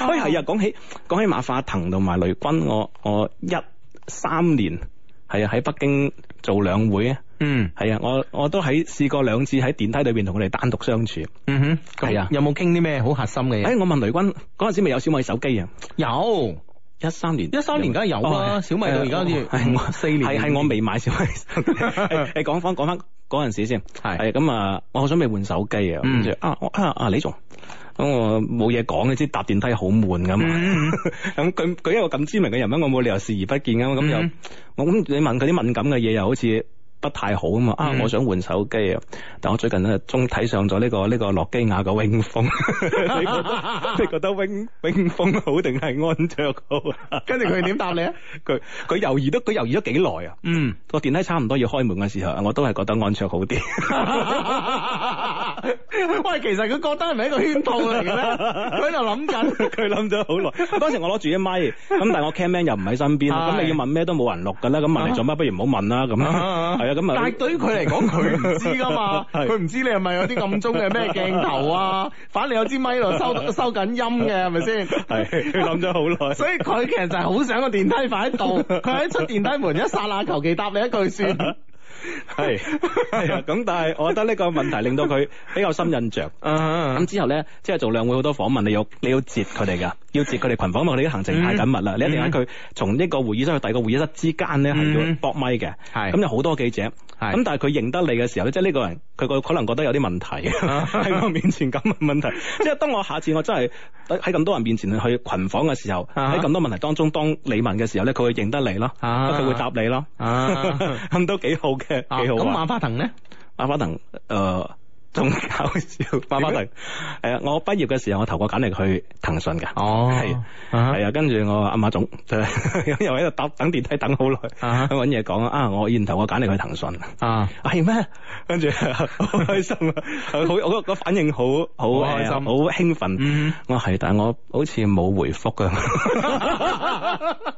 A: 哎呀，講起講起馬化騰同埋雷軍，我我一三年係喺北京做兩會啊。嗯，係啊，我我都喺試過兩次喺電梯裏邊同佢哋單獨相處。
B: 嗯哼，係啊，
A: 有冇傾啲咩好核心嘅嘢？誒，我問雷軍嗰陣時咪有小米手機啊？有，一三年，一三年梗係有啊，小米到而家好似係我四年，係我未買小米。你講翻講翻嗰陣時先，係咁啊，我好想俾換手機啊，跟住啊啊啊李總，咁我冇嘢講，你知搭電梯好悶噶嘛。咁佢佢一個咁知名嘅人物，我冇理由視而不見噶，咁又我咁你問佢啲敏感嘅嘢，又好似。不太好啊嘛啊！我想換手機啊，但我最近咧仲睇上咗呢個呢個諾基亞嘅 Win Phone。你覺得你覺得 Win Win Phone 好定係安卓好？跟住佢點答你啊？佢佢猶豫都佢猶豫咗幾耐啊？嗯，個電梯差唔多要開門嘅時候，我都係覺得安卓好啲。喂，其實佢覺得係咪一個圈套嚟嘅咧？佢喺度諗緊，佢諗咗好耐。當時我攞住隻咪，咁但係我 Cam Man 又唔喺身邊，咁你要問咩都冇人錄噶啦，咁問你做咩？不如唔好問啦咁但係對於佢嚟講，佢唔知噶嘛，佢唔 是知你係咪有啲暗中嘅咩鏡頭啊？反正你有支咪度收收緊音嘅係咪先？係，佢諗咗好耐。 所以佢其實就係好想個電梯快啲到，佢喺出電梯門一剎那，求其答你一句算。係， 係啊。咁但係我覺得呢個問題令到佢比較深印象。咁、 嗯、之後咧，即係做兩會好多訪問，你要你要截佢哋噶。要接佢哋群訪啊嘛！我哋啲行程太緊密啦，你一定喺佢從呢個會議室去第二個會議室之間咧，係要搏咪嘅。係，咁有好多記者。係，咁但係佢認得你嘅時候咧，即係呢個人，佢個可能覺得有啲問題喺我面前咁問問題。即係當我下次我真係喺咁多人面前去群訪嘅時候，喺咁多問題當中當你問嘅時候咧，佢會認得你咯，佢會答你咯。咁都幾好嘅，幾好啊！咁馬化騰咧，馬化騰，誒。仲搞笑，八八零。誒、哎，我畢業嘅時候，我投過簡歷去騰訊㗎。哦，係係是啊，跟住我話阿馬總，就是、 又喺度等等電梯等，等好耐，去揾嘢講啊。我現投過簡歷去騰訊啊，係咩？跟住好開心啊， 好我個反應好好，好開心，欸，好興奮。嗯、我係，但係我好似冇回覆㗎。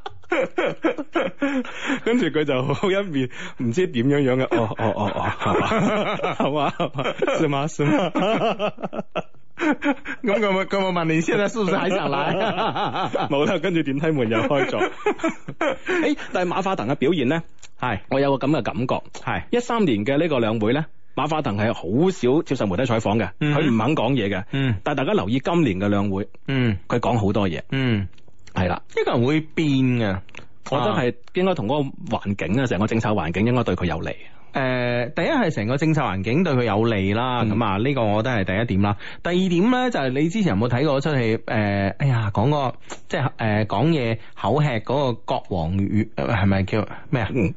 A: 跟住佢就好一面唔知點樣樣嘅，哦哦哦哦，
B: 好啊，
A: 算嘛，算嘛，係嘛，咁佢咪佢咪問你先啦，係咪喺上嚟？冇啦，跟住電梯門又開咗。誒，但係馬化騰嘅表現咧，係我有個咁嘅感覺，係一三年嘅呢個兩會咧，馬化騰係好少接受媒體採訪嘅，佢唔肯講嘢嘅，但係大家留意今年嘅兩會，佢講好多嘢。係啦，一個人會變嘅，我覺得係應該同嗰個環境啊，成個、啊、個政策環境應該對佢有利。誒、呃，第一係成個政策環境對佢有利啦，咁啊呢個我覺得係第一點啦。第二點咧就係、是、你之前有冇睇過出戲？誒、呃，哎呀，講個即係誒講嘢口吃嗰個國王語係咪叫咩啊、嗯？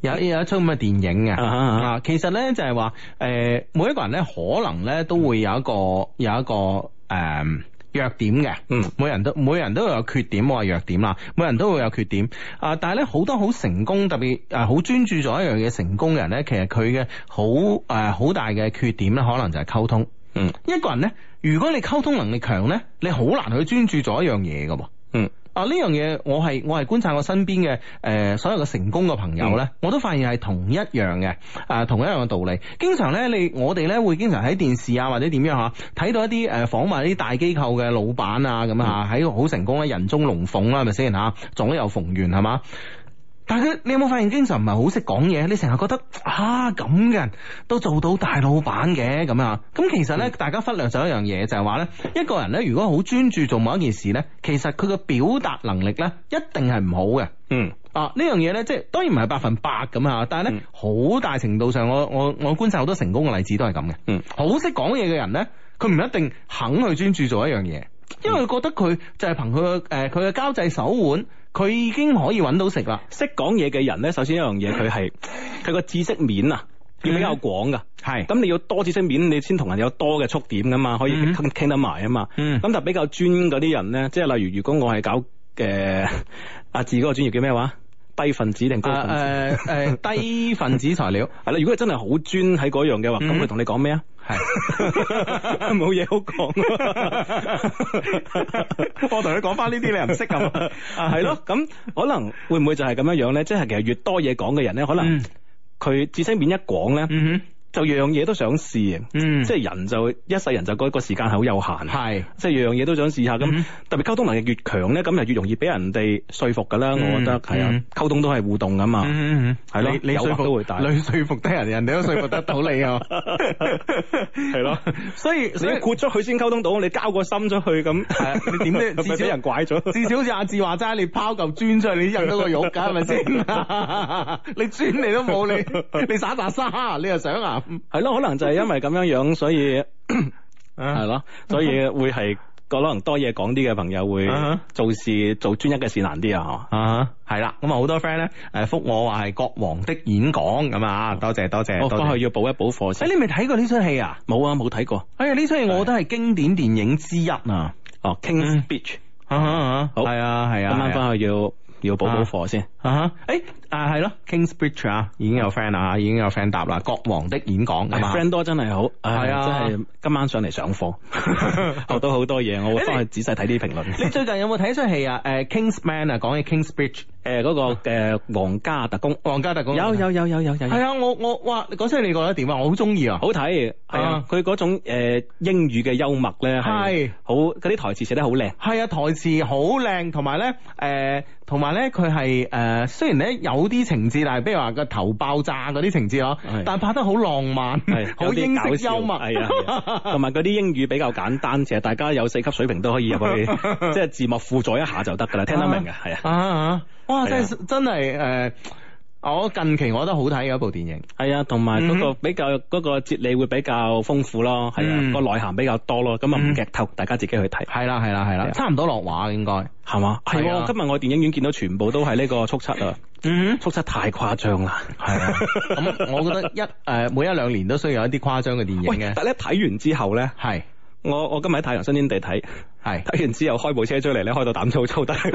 A: 有有一出咁嘅電影啊、嗯嗯嗯嗯嗯，其實咧就係話誒，每一個人咧可能咧都會有一個有一個誒。弱點嘅，嗯，每人都每人都有缺點，我話弱點啦，每人都會有缺點。啊、呃，但係咧好多好成功，特別誒好專注做一樣嘢成功嘅人咧，其實佢嘅好誒好大嘅缺點咧，可能就係溝通。嗯，一個人咧，如果你溝通能力強咧，你好難去專注做一樣嘢噶。啊！呢樣嘢我係我係觀察我身邊嘅誒、呃、所有嘅成功嘅朋友咧，嗯、我都發現係同一樣嘅，誒、啊、同一樣嘅道理。經常呢，你我哋咧會經常喺電視啊或者點樣吓，睇到一啲誒、呃、訪問啲大機構嘅老闆啊咁啊，喺好成功咧人中龍鳳啦，係咪先吓？總、啊、有逢源係嘛？但係佢，你有冇發現經常唔係好識講嘢？你成日覺得啊，咁嘅人都做到大老闆嘅咁啊？咁其實呢，大家忽略咗一樣嘢，就係話呢，一個人呢，如果好專注做某一件事呢，其實佢嘅表達能力呢，一定係唔好嘅。嗯啊，呢樣嘢呢，即係當然唔係百分百咁啊，但係呢，嗯、好大程度上，我我我觀察好多成功嘅例子都係咁嘅。嗯，好識講嘢嘅人呢，佢唔一定肯去專注做一樣嘢，因為佢覺得佢就係憑佢嘅佢嘅交際手腕。佢已經可以揾到食啦。識講嘢嘅人咧，首先一樣嘢，佢係佢個知識面啊，要比較廣噶。係、嗯，咁你要多知識面，你先同人有多嘅觸點噶嘛，可以傾傾得埋啊嘛。咁就、嗯、比較專嗰啲人咧，即係例如，如果我係搞嘅阿志嗰個專業叫，叫咩話？低分子定高分子？誒、uh, uh, uh，低分子材料係啦。 如果佢真係好專喺嗰樣嘅話，咁佢同你講咩 啊？係冇嘢好講。我同你講翻呢啲，你又唔識咁。係咯，咁可能會唔會就係咁樣樣咧？即係 其實越多嘢講嘅人咧，可能佢知識面一廣咧。嗯哼就樣嘢都想試，嗯，即係人就一世人就覺得個時間係好有限，係，即係樣樣嘢都想試下，咁特別溝通能力越強咧，咁就越容易俾人哋說服噶啦，我覺得係啊，溝通都係互動噶嘛，係咯，你說服都會大，你說服得人，人哋都說服得到你，啊係咯，所以你豁出去先溝通到，你交個心出去咁，你點啫？至少人拐咗，至少似阿志話齋，你拋嚿磚出去，你入到個玉噶係咪先？你磚你都冇，你你撒笪沙，你又想啊？係咯，可能就係因為咁樣樣，所以係咯，所以會係可能多嘢講啲嘅朋友會做事做專一嘅事難啲啊！吓係啦，咁啊好多 friend 咧，誒，複我話係國王的演講咁啊，多謝多謝，我翻去要補一補課先。誒，你未睇過呢出戲啊？冇啊，冇睇過。哎呀，呢出戲我覺得係經典電影之一啊。哦，King's Speech 啊，好係啊係啊，今晚翻去要要補補課先啊。誒。啊，係咯，King's Speech 啊，已經有 friend 啊，已經有 friend 答啦，國王的演講，係咪？friend 多真係好，係啊，真係今晚上嚟上課學到好多嘢，我會幫佢仔細睇啲評論。你最近有冇睇出戲啊？誒，King's Man 啊，講起 King's Speech，誒嗰個誒皇家特工，皇家特工，有有有有有有，係啊，我我哇，講出你覺得點啊？我好中意啊，好睇，係啊，佢嗰種英語嘅幽默咧，係好嗰啲台詞寫得好靚，係啊，台詞好靚，同埋咧誒，同埋咧佢係誒，雖然咧有好啲情節，的但係比如話個頭爆炸嗰啲情節咯，但係拍得好浪漫，好的 英式幽默，同埋嗰啲英語比較簡單，其實 大家有四級水平都可以入去， 即係字幕輔助一下就得噶啦， 聽得明嘅係啊，啊？啊？的哇！真 真係誒～我近期我覺得好睇嘅一部電影，係啊，同埋嗰個比較嗰個哲理會比較豐富咯，係啊，個內涵比較多咯，咁啊唔劇透，大家自己去睇。係啦係啦係啦，差唔多落畫應該係嘛？係我今日我電影院見到全部都係呢個速七啊，嗯，速七太誇張啦，
B: 係啊，咁我覺得
A: 一誒每一兩年都需要有一啲誇張嘅電影嘅。但係咧睇完之後咧，係我我今日喺太陽新天地睇。係睇完之後開部車出嚟咧，開到膽粗粗，但係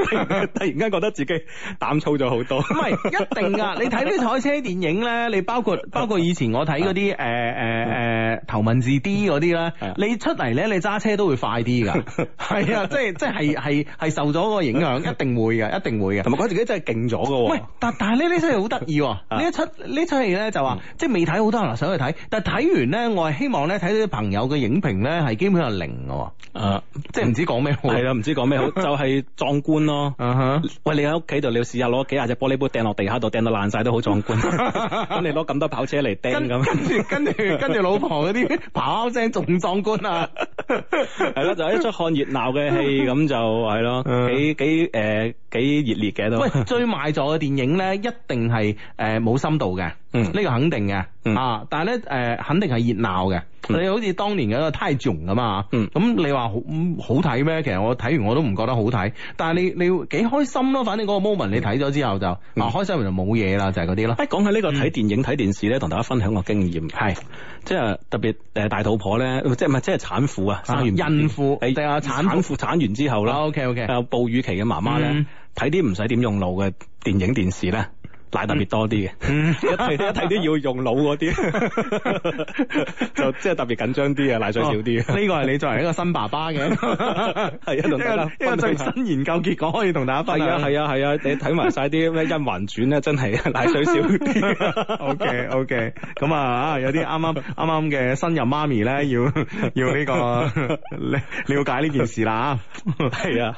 A: 突然間覺得自己膽粗咗好多。
B: 唔係一定噶，你睇呢啲
A: 賽車電影咧，你包括包括以前我睇嗰啲誒誒誒頭文字 D 嗰啲咧，你出嚟咧你揸車都會快啲噶。係啊，即係即係係係受咗個影響，一定會嘅，一定會嘅。同埋覺得自己真係勁咗噶。喂，但但係呢呢出戲好得意喎。呢出呢出戲咧就話即係未睇好多，人想去睇。但係睇完咧，我係希望咧睇到啲朋友嘅影評咧係基本上零噶。誒，即係唔知。講咩好？係啦，唔知講咩好，就係壯觀咯。啊哈！喂，你喺屋企度，你要試下攞幾廿隻玻璃杯掟落地下度，掟到爛晒都好壯觀。咁你攞咁多跑車嚟掟咁，跟住跟住老婆嗰啲咆哮聲仲壯觀啊！係咯，就一出看熱鬧嘅戲，咁就係咯，幾幾誒幾熱烈嘅都。喂，最賣座嘅電影咧，一定係誒冇深度嘅。呢個肯定嘅，啊，但係咧，誒，肯定係熱鬧嘅。你好似當年嘅一個泰囧咁啊，咁你話好好睇咩？其實我睇完我都唔覺得好睇，但係你你幾開心咯，反正嗰個 moment 你睇咗之後就，嗱，開心就冇嘢啦，就係嗰啲啦。誒，講起呢個睇電影睇電視咧，同大家分享個經驗，係，即係特別誒大肚婆咧，即係唔係即係產婦啊，完孕婦定產婦產完之後啦，OK 哺乳期嘅媽媽咧，睇啲唔使點用腦嘅電影電視咧，奶特別多啲嘅，一睇一睇都要用腦嗰啲，就即係特別緊張啲啊，奶水少啲。呢個係你作為一個新爸爸嘅，係一種一個最新研究結果可以同大家分享。係啊，係啊，你睇埋晒啲咩甄嬛傳咧，真係奶水少啲。OK OK，咁啊有啲啱啱啱啱嘅新任媽咪咧，要要呢個了解呢件事啦。
B: 係啊，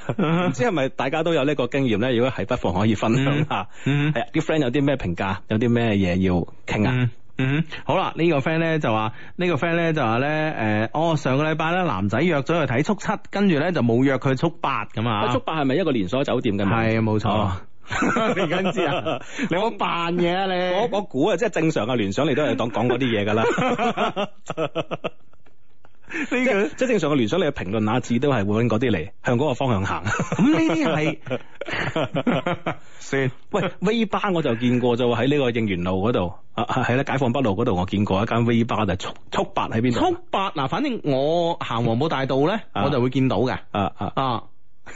A: 唔知係咪大家都有呢個經驗咧？如果係，不妨可以分
B: 享
A: 下。係啊，啲 friend。有啲咩評價？有啲咩嘢要傾啊、嗯？嗯好啦，這個、呢、這個 friend 咧就話，呢個 friend 咧就話咧，誒，哦，上個禮拜咧男仔約咗去睇速七，跟住咧就冇約佢速八咁啊？速八係咪一個連鎖酒店嘅？係冇錯。錯哦、 你梗知 你啊？你 唔好扮嘢啊？你我我估啊，即係正常嘅聯想，你都係講講嗰啲嘢噶啦。 呢這個即係正常嘅聯想評論，你嘅評論那字都係揾嗰啲嚟，向嗰個方向行。咁呢啲係先。喂，V 八， 我就見過就喺呢個應元路嗰度啊啊，係解放北路嗰度我見過一間 V 八，就速速八喺邊度？速八嗱，反正我行黃埔大道咧， 我就會見到嘅、啊。啊啊啊！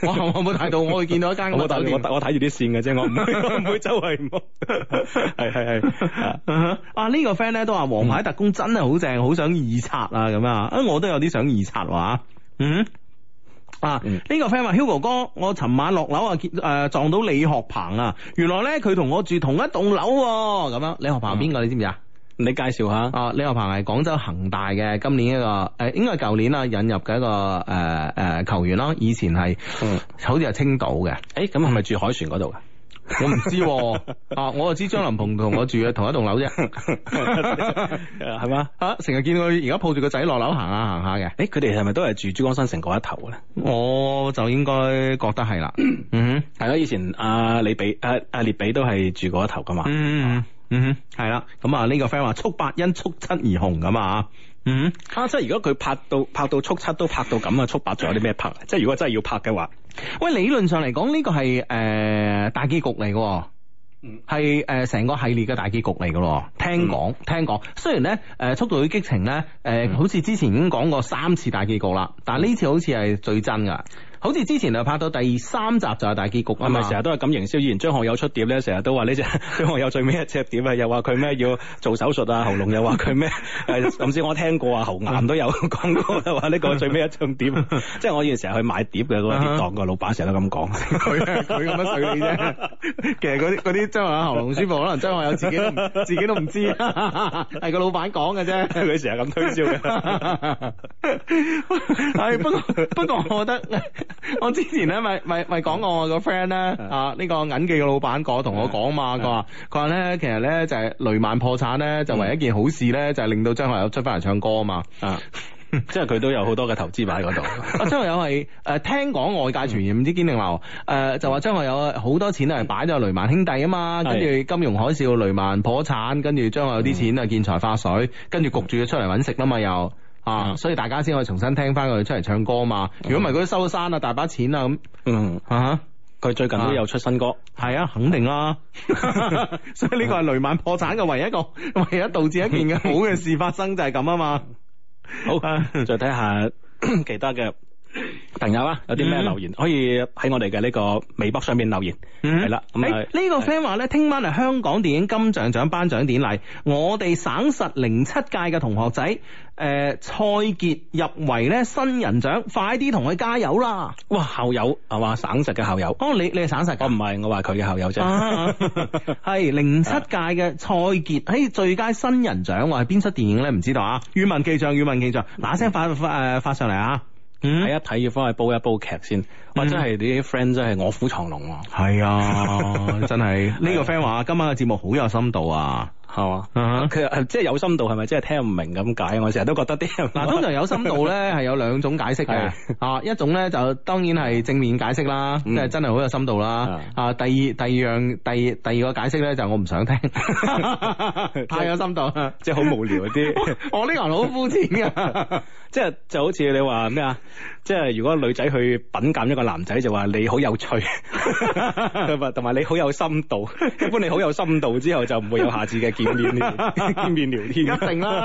A: 我冇睇到，我會見到一間屋。我我睇住啲線嘅啫，我唔唔會
B: 會周圍摸。
A: 係係係啊！呢個 friend 咧都話《王牌特工》真係好正，好想二刷啊！咁啊，啊,、這個嗯、啊我都有啲想二刷話，啊啊嗯啊呢、這個 friend 話 Hugo 哥，我尋晚落樓啊，誒撞到李學鵬啊！原來咧佢同我住同一棟樓，咁、啊、樣、啊、李學鵬係邊個？嗯、你知唔知啊？你介紹下啊，李學鵬係廣州恒大嘅，今年一個誒、呃，應該係舊年啊引入嘅一個誒誒、呃呃、球員咯。以前係，好似係青島嘅。誒、嗯，咁係咪住海船嗰度噶？我唔知，啊，我就知張林鵬同我住嘅同一棟樓啫，係嘛？啊，成日見佢而家抱住個仔落樓行下行下嘅。誒，佢哋係咪都係住珠江新城嗰一頭咧？我就應該覺得係啦，嗯，係咯，以前阿李比，誒誒，列比都係住嗰一頭噶嘛。嗯。嗯嗯哼，係啦，咁啊呢個 friend 話速八因速七而紅咁啊，嗯哼，啊、即係如果佢拍到拍到速七都拍到咁啊，速八仲有啲咩拍？ 即係如果真係要拍嘅話，喂，理論上嚟講呢個係誒、呃、大結局嚟嘅，係誒成個系列嘅大結局嚟嘅咯。聽講、嗯、聽講，雖然咧誒、呃《速度與激情》呢咧、呃、誒，好似之前已經講過三次大結局啦，但係呢次好似係最真噶。好似之前就拍到第三集就係大結局啊，係咪成日都係咁營銷？以前張學友出碟咧，成日都話呢隻張學友最尾一隻碟啊，又話佢咩要做手術啊，喉嚨又話佢咩係，甚至我聽過啊喉癌都有講過，話呢個最尾一張碟， 即係我以前成日去買碟嘅嗰個檔嘅老闆成日都咁講，佢佢咁樣水啫。 其實嗰啲啲張學友喉嚨舒服，可能張學友自己都自己都唔知，係 個老闆講嘅啫。佢成日咁推銷嘅。係、 哎、不過不過我覺得。 我之前咧咪咪咪講過我、 啊這個 friend 咧啊呢個銀記嘅老闆個同我講嘛，佢話佢話咧其實咧就係、是、雷曼破產咧就唯一件好事咧，就係、是、令到張學友出翻嚟唱歌啊嘛， 即係佢都有好多嘅投資擺喺嗰度。張 學友係誒、呃、聽講外界傳言唔知堅定流誒就話張學友好多錢都係擺咗喺雷曼兄弟啊嘛，跟住金融海嘯雷曼破產，跟住張學友啲錢啊見財化水，跟住焗住佢出嚟搵食啦嘛又。啊，啊所以大家先可以重新聽翻佢哋出嚟唱歌嘛。如果唔係佢都收山啊，大把錢啦咁。嗯，啊佢、啊啊、最近都有出新歌，係啊，啊，肯定啦、啊。 所以呢個係雷曼破產嘅唯一一個，唯一導致一件嘅好嘅事發生就係咁啊嘛、嗯。好，啊，再睇下 其他嘅。朋友啊，有啲咩留言，嗯、可以喺我哋嘅呢個微博上面留言係啦。咁呢個 friend 話呢，聽晚係香港電影金像獎頒獎典，典禮，我哋省實零七屆嘅同學仔誒、呃，蔡杰入圍呢新人獎，快啲同佢加油啦！哇，校友係嘛？省實嘅校友，哦，你你係省實我，我唔係，我話佢嘅校友啫。係零七屆嘅蔡杰喺最佳新人獎，話係邊出電影呢？唔知道啊？語文記賬，語文記賬，嗱聲發誒發，發，發上嚟啊！睇一睇要翻去煲一煲劇先，哇！真係你啲 friend 真係臥虎藏龍喎，係 啊，真係呢、 啊、個 friend 話今晚嘅節目好有深度啊！係嘛？佢即係有深度，係咪？即係聽唔明咁解。我成日都覺得啲嗱通常有深度咧係有兩種解釋嘅啊， 一種咧就當然係正面解釋啦， 即係真係好有深度啦啊。 第二第二樣第第二個解釋咧就我唔想聽， 太有深度， 即係是好 無聊啲。 我呢個人好膚淺㗎， 即係就好似你話咩啊？即係如果女仔去品鑒一個男仔，就話你好有趣，同 埋你好有深度。 一般你好有深度之後，就唔會有下次嘅見面聊天。一定啦！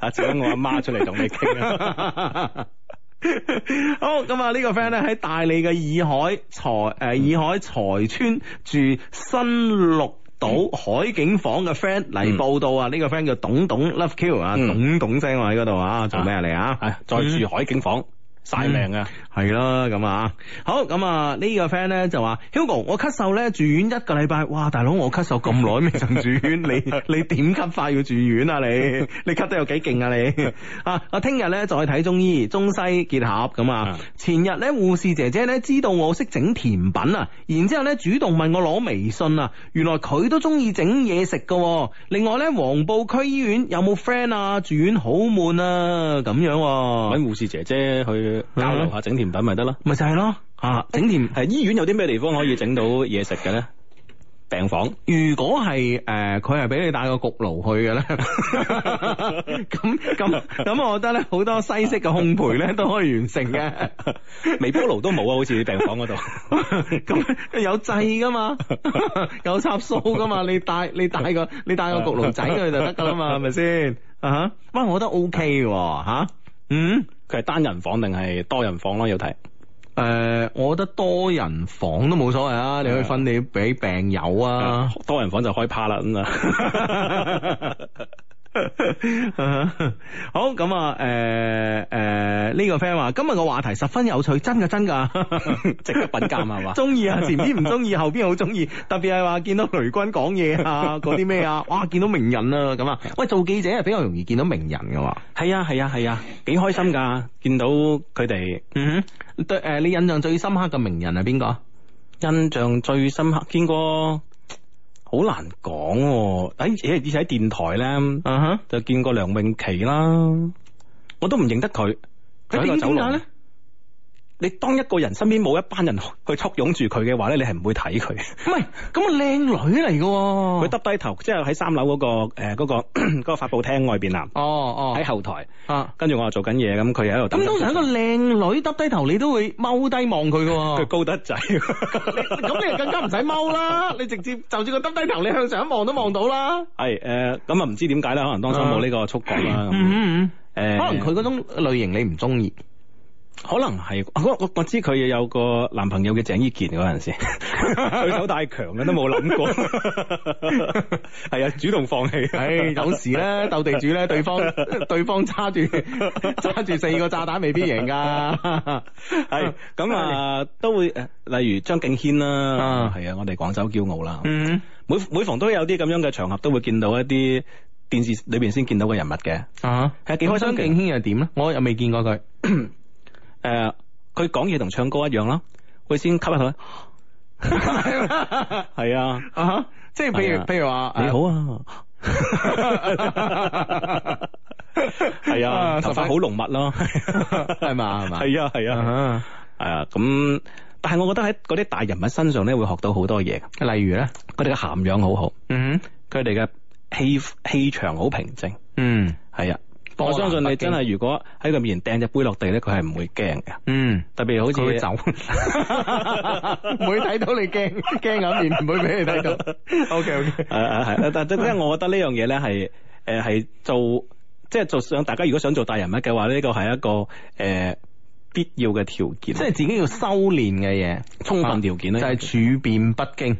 A: 啊，請 我阿媽出嚟同你傾啦。 好，咁啊呢個 friend 咧喺大理嘅洱海財誒洱海財村住新六。到海景房嘅 friend 嚟報道啊！呢、嗯、個 friend 叫董董 Love Q、嗯、董董啊，董董聲嘛喺嗰度啊，做咩嚟啊？係再住海景房。嗯晒命啊，係啦咁啊，好咁啊、這個、呢個 friend 咧就話，Hugo 我咳嗽咧住院一個禮拜，哇大佬我咳嗽咁耐未曾住院？ 你你點咳快要住院啊你？你咳得有幾勁啊你？ 啊我聽日咧就去睇中醫，中西結合咁啊。的前日咧護士姐姐咧知道我識整甜品啊，然之後咧主動問我攞微信啊，原來佢都中意整嘢食噶。另外咧黃埔區醫院有冇 friend 啊？住院好悶啊，咁樣搵、啊、護士姐姐，姐去。交流下整甜品咪得咯，咪就係咯啊！整甜係醫院有啲咩地方可以整到嘢食嘅咧？病房如果係誒，佢係俾你帶個焗爐去嘅咧，咁咁咁，我覺得咧好多西式嘅烘焙咧都可以完成嘅。 微波爐都冇啊，好似病房嗰度。咁 有掣噶嘛， 有插數噶嘛，你帶你帶個你帶個焗爐仔去就得噶啦嘛，係咪 先啊？唔、uh，huh? 我覺得 O K 嘅吓，嗯。佢係單人房定係多人房咯？要睇。誒、呃，我覺得多人房都冇所謂啊，的你去分你俾病友啊，多人房就開趴啦咁啊。嗯 好咁啊！誒、呃、誒，呢、呃這個 friend 話今日個話題十分有趣，真噶真噶，值得品鑒係嘛？中意 吧啊前邊唔中意，後邊好中意。特別係話見到雷軍講嘢啊，嗰啲咩啊，哇！見到名人啊，咁啊，喂，做記者係比較容易見到名人噶。係啊係啊係啊，幾、啊啊、開心噶！ 見到佢哋，嗯哼、mm，hmm. 對誒、呃，你印象最深刻嘅名人係邊個？印象最深刻，見過。好難講誒，喺以前喺電台咧，uh huh. 就見過梁詠琪啦，我都唔認得佢。
B: 佢喺個走廊咧。
A: 你當一個人身邊冇一班人去簇擁住佢嘅話咧，你係唔會睇佢。唔係，咁啊靚女嚟嘅。佢耷低頭，即係喺三樓嗰、嗰個誒嗰、呃嗰個咳咳、嗰個發布廳外邊、哦哦、啊。哦哦。喺後台啊，跟住我又做緊嘢，咁佢又喺度。咁通常一個靚女耷低頭，你都會踎低望佢嘅。佢高得滯。咁你更加唔使踎啦，你直接就住佢耷低頭，你向上一望都望
B: 到啦。
A: 係誒，咁啊唔知點解啦，可能當初冇呢個觸角啦。誒，
B: 可
A: 能佢嗰種類型你唔中意。可能係我，我知佢有個男朋友嘅。鄭伊健嗰陣時，對 手太強嘅都冇諗過係 啊，主動放棄。唉、 哎，有時咧鬥地主咧，對方對方揸住揸住，四個炸彈，未必贏噶係咁啊，都會誒，例如張敬軒啦，啊係啊，我哋廣州驕傲啦，嗯，嗯，每每逢都有啲咁樣嘅場合，都會見到一啲電視裏邊先見到嘅人物嘅啊，係幾開心嘅。張敬軒又點咧？我又未見過佢。 誒，佢講嘢同唱歌一樣啦，佢先吸一口，係 啊，即係譬如譬如話你好啊，係 啊，頭髮好濃密咯，係嘛係嘛，係啊係啊，誒咁、啊，啊、 但係我覺得喺嗰啲大人物身上咧，會學到好多嘢，例如咧，佢哋嘅涵養好好，嗯哼，佢哋嘅氣氣場好平靜，
B: 嗯，
A: 係啊。我相信你真係，如果喺佢面前掟隻杯落地咧，佢係唔會驚嘅。嗯，特別好似佢會走，唔 會睇到你驚驚咁面，唔會俾你睇到。OK OK，係係係，但即係我覺得呢樣嘢咧係，誒係、 呃、做，即、就、係、是、做想大家如果想做大人物嘅話，呢個係一個誒、呃、必要嘅條件，即係自己要修煉嘅嘢，充、啊、分條件咧就係處變不驚。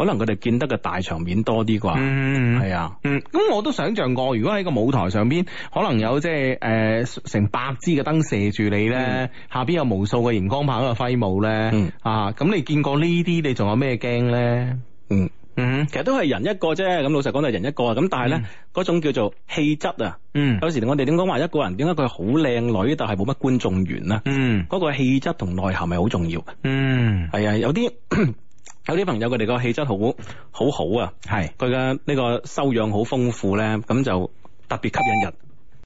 A: 可能佢哋見得嘅大場面多啲啩，係啊，咁我都想象過，如果喺個舞台上邊，可能有即係誒成百支嘅燈射住你咧，下邊有無數嘅熒光棒喺度揮舞咧，啊，咁你見過呢啲，你仲有咩驚咧？嗯，嗯，其實都係人一個啫，咁老實講就係人一個，咁但係咧，嗰種叫做氣質啊，有時我哋點講話一個人點解佢好靚女，但係冇乜觀眾緣啊？嗰個氣質同內涵係好重要嘅，係啊，有啲。有啲朋友佢哋個氣質好好好啊，係佢嘅呢個修養好豐富咧，咁就特別吸引人。